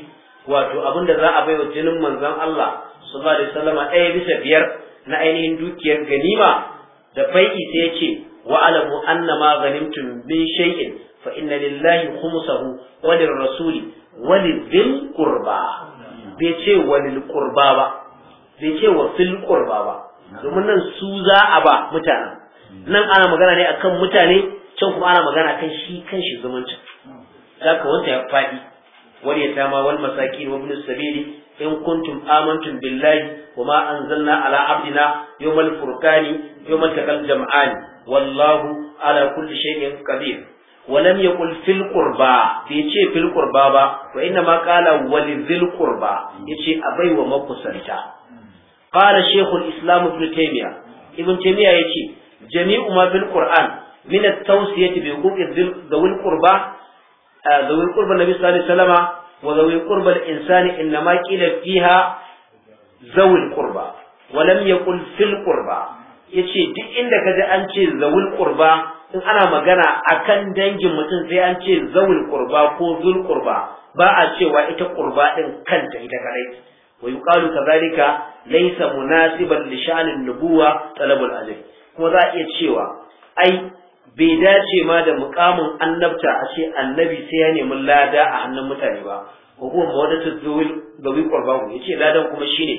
A: wato abin da za a baiwa jinin manzon Allah sallallahu alaihi wasallama ɗaya bisa biyar na ainihin dukiyar ganima da bai'i sai ya ce wa alamu anna ma ghanimtum min shay'in fa inna lillahi khumsahu wa lirrasuli wa lidhil qurba bai ce wa lil qurba ba bai ce wa fil qurba ba domin nan su za a ba mutanen nan ana magana ne akan mutane can kuma ana magana kan shi kan shi zumuncin zaka wanda ya faɗi wal yatama wal masakin wa ibn sabili in kuntum amantum billahi wa ma anzalna ala abdina yawmal furqani yawmal taqal jam'an wallahu ala kulli shay'in qadir wa lam yaqul fil qurba bai ce fil qurba ba wa inna ma qala wal zil qurba yace maku wa makusanta qala shaykhul islam taimiya. taymiya ibn ya ce, jami'u ma fil qur'an min at-tawsiyati bi huquqi dhil qurba ذوي قرب النبي صلى الله عليه وسلم وذوي قرب الإنسان إنما قيل فيها ذوي القربى ولم يقل في القربى yace duk inda kaji an ce zawul qurba in ana magana akan dangin mutum sai an ce zawul qurba ko zul qurba ba a cewa ita qurba din kanta ita kadai wa yuqalu kadhalika laysa munasiban li sha'ni nubuwa talabul ajr kuma za a iya cewa ai bai dace ma da mukamin annabta a ce annabi sai ya nemi lada a hannun mutane ba ko kuma mawadatu zuwil wikwar babu ya ce ladan kuma shine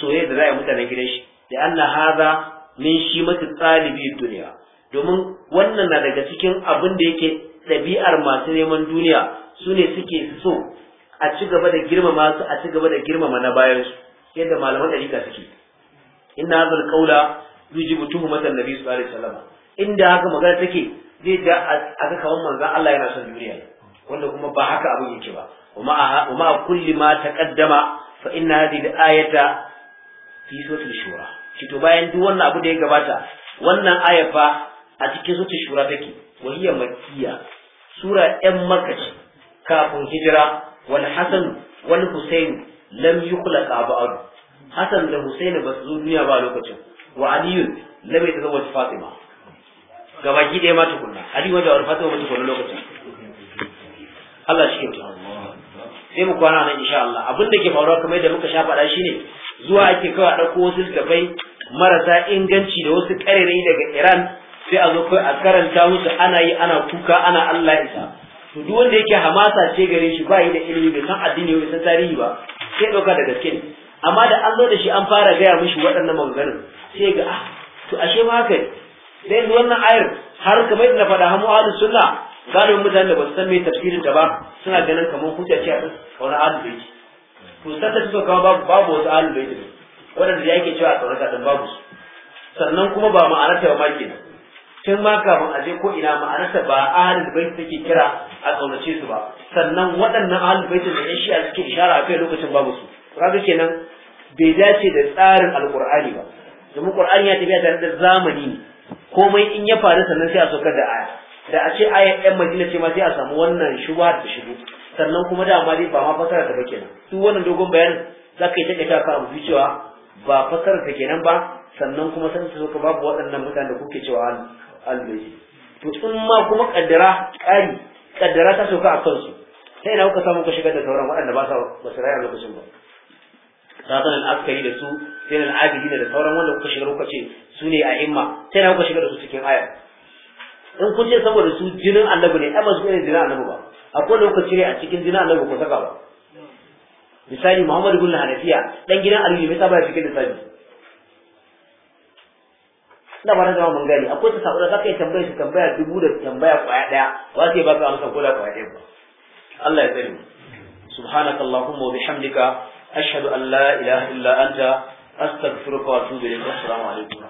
A: soyayya da za a mutanen gidan shi da anna haza min shi mata tsalibi duniya domin wannan na daga cikin abin da yake ɗabi'ar masu neman duniya su ne suke so a ci gaba da girmama su a ci gaba da girmama na bayan su yadda malaman ɗariƙa suke inna hadha alqawla yujibu tuhmatan nabi sallallahu alaihi wasallam inda haka magana take zai ga aka kawo manzon Allah yana son duniya wanda kuma ba haka abin yake ba Kuma a kulli ma taqaddama fa inna hadhihi al-ayata fi suratul shura shi to bayan duk wannan abu da ya gabata wannan aya fa a cikin suratul shura take wa hiya makkiya sura yan makka ce kafin hijira wal hasan wal husain lam yukhlaqa ba'd hasan da Husaini ba su zo duniya ba lokacin wa aliyu lam yatazawwaj fatima gabaki ɗaya ma tukunna ali wajen alfata wa mutu lokacin Allah shi kyauta sai mu kwana nan insha Allah abin da ke faruwa kamar yadda muka sha faɗa shine zuwa ake kawai a ɗauko wasu littafai marasa inganci da wasu ƙarerai daga Iran sai a zo kai a karanta musu ana yi ana kuka ana Allah isa to duk wanda yake hamasa ce gare shi ba yi da ilimi bai san addini bai san tarihi ba sai ɗauka da gaske ne amma da an zo da shi an fara gaya mishi waɗannan maganganun sai ga ah to ashe ma haka sai yanzu wannan ayar har kamar yadda na faɗa hamu ahlus sunna gano mutanen da ba su san mai tafsirin ta ba suna ganin kamar hujja ce a wani bai baiti to sai ta fito kama babu babu wasu ahlul baiti ne waɗanda ya ke cewa a tsaurata dan babu su sannan kuma ba ma'anarta ba ma kenan tun ma kafin a je ko ina ma'anarta ba ahlul bait take kira a tsaunace su ba sannan waɗannan bai bait da shi a suke ishara a kai lokacin babu su kaga kenan bai dace da tsarin Alƙur'ani ba domin qur'ani ya tafiya tare da zamani ne komai in ya faru sannan sai a saukar da aya da a ce aya ɗan madina ce ma sai a samu wannan shubha da shigo sannan kuma da amma dai ba ma fasara ta ba kenan duk wannan dogon za ka yi ta ta ka abu cewa ba fasara ta kenan ba sannan kuma san su ka babu waɗannan mutanen da kuke cewa al-bayt to in ma kuma kaddara kari kaddara ta sauka a kansu sai na kuka samu ka shigar da sauran waɗanda ba sa basira raya lokacin ba sasan aka askari da su sai na abidina da sauran wanda kuka shigar kuka ce su ne a himma sai na kuka shigar da su cikin aya. in kun ce saboda su jinin annabi ne ai ba su ne jinin annabi ba akwai da kuka cire a cikin jinin annabi ko saka ba misali Muhammad ibn Hanafiya dan gidan Aliyu bai saba cikin lissafi ina ba na zama mun gani akwai ta sabo da zaka yi tambaya shi tambaya dubu da tambaya kwaya daya ba sai baka amsa ko da kwaya daya ba Allah ya tsare mu subhanakallahumma wa bihamdika ashhadu an la ilaha illa anta astaghfiruka da atubu ilayk assalamu alaikum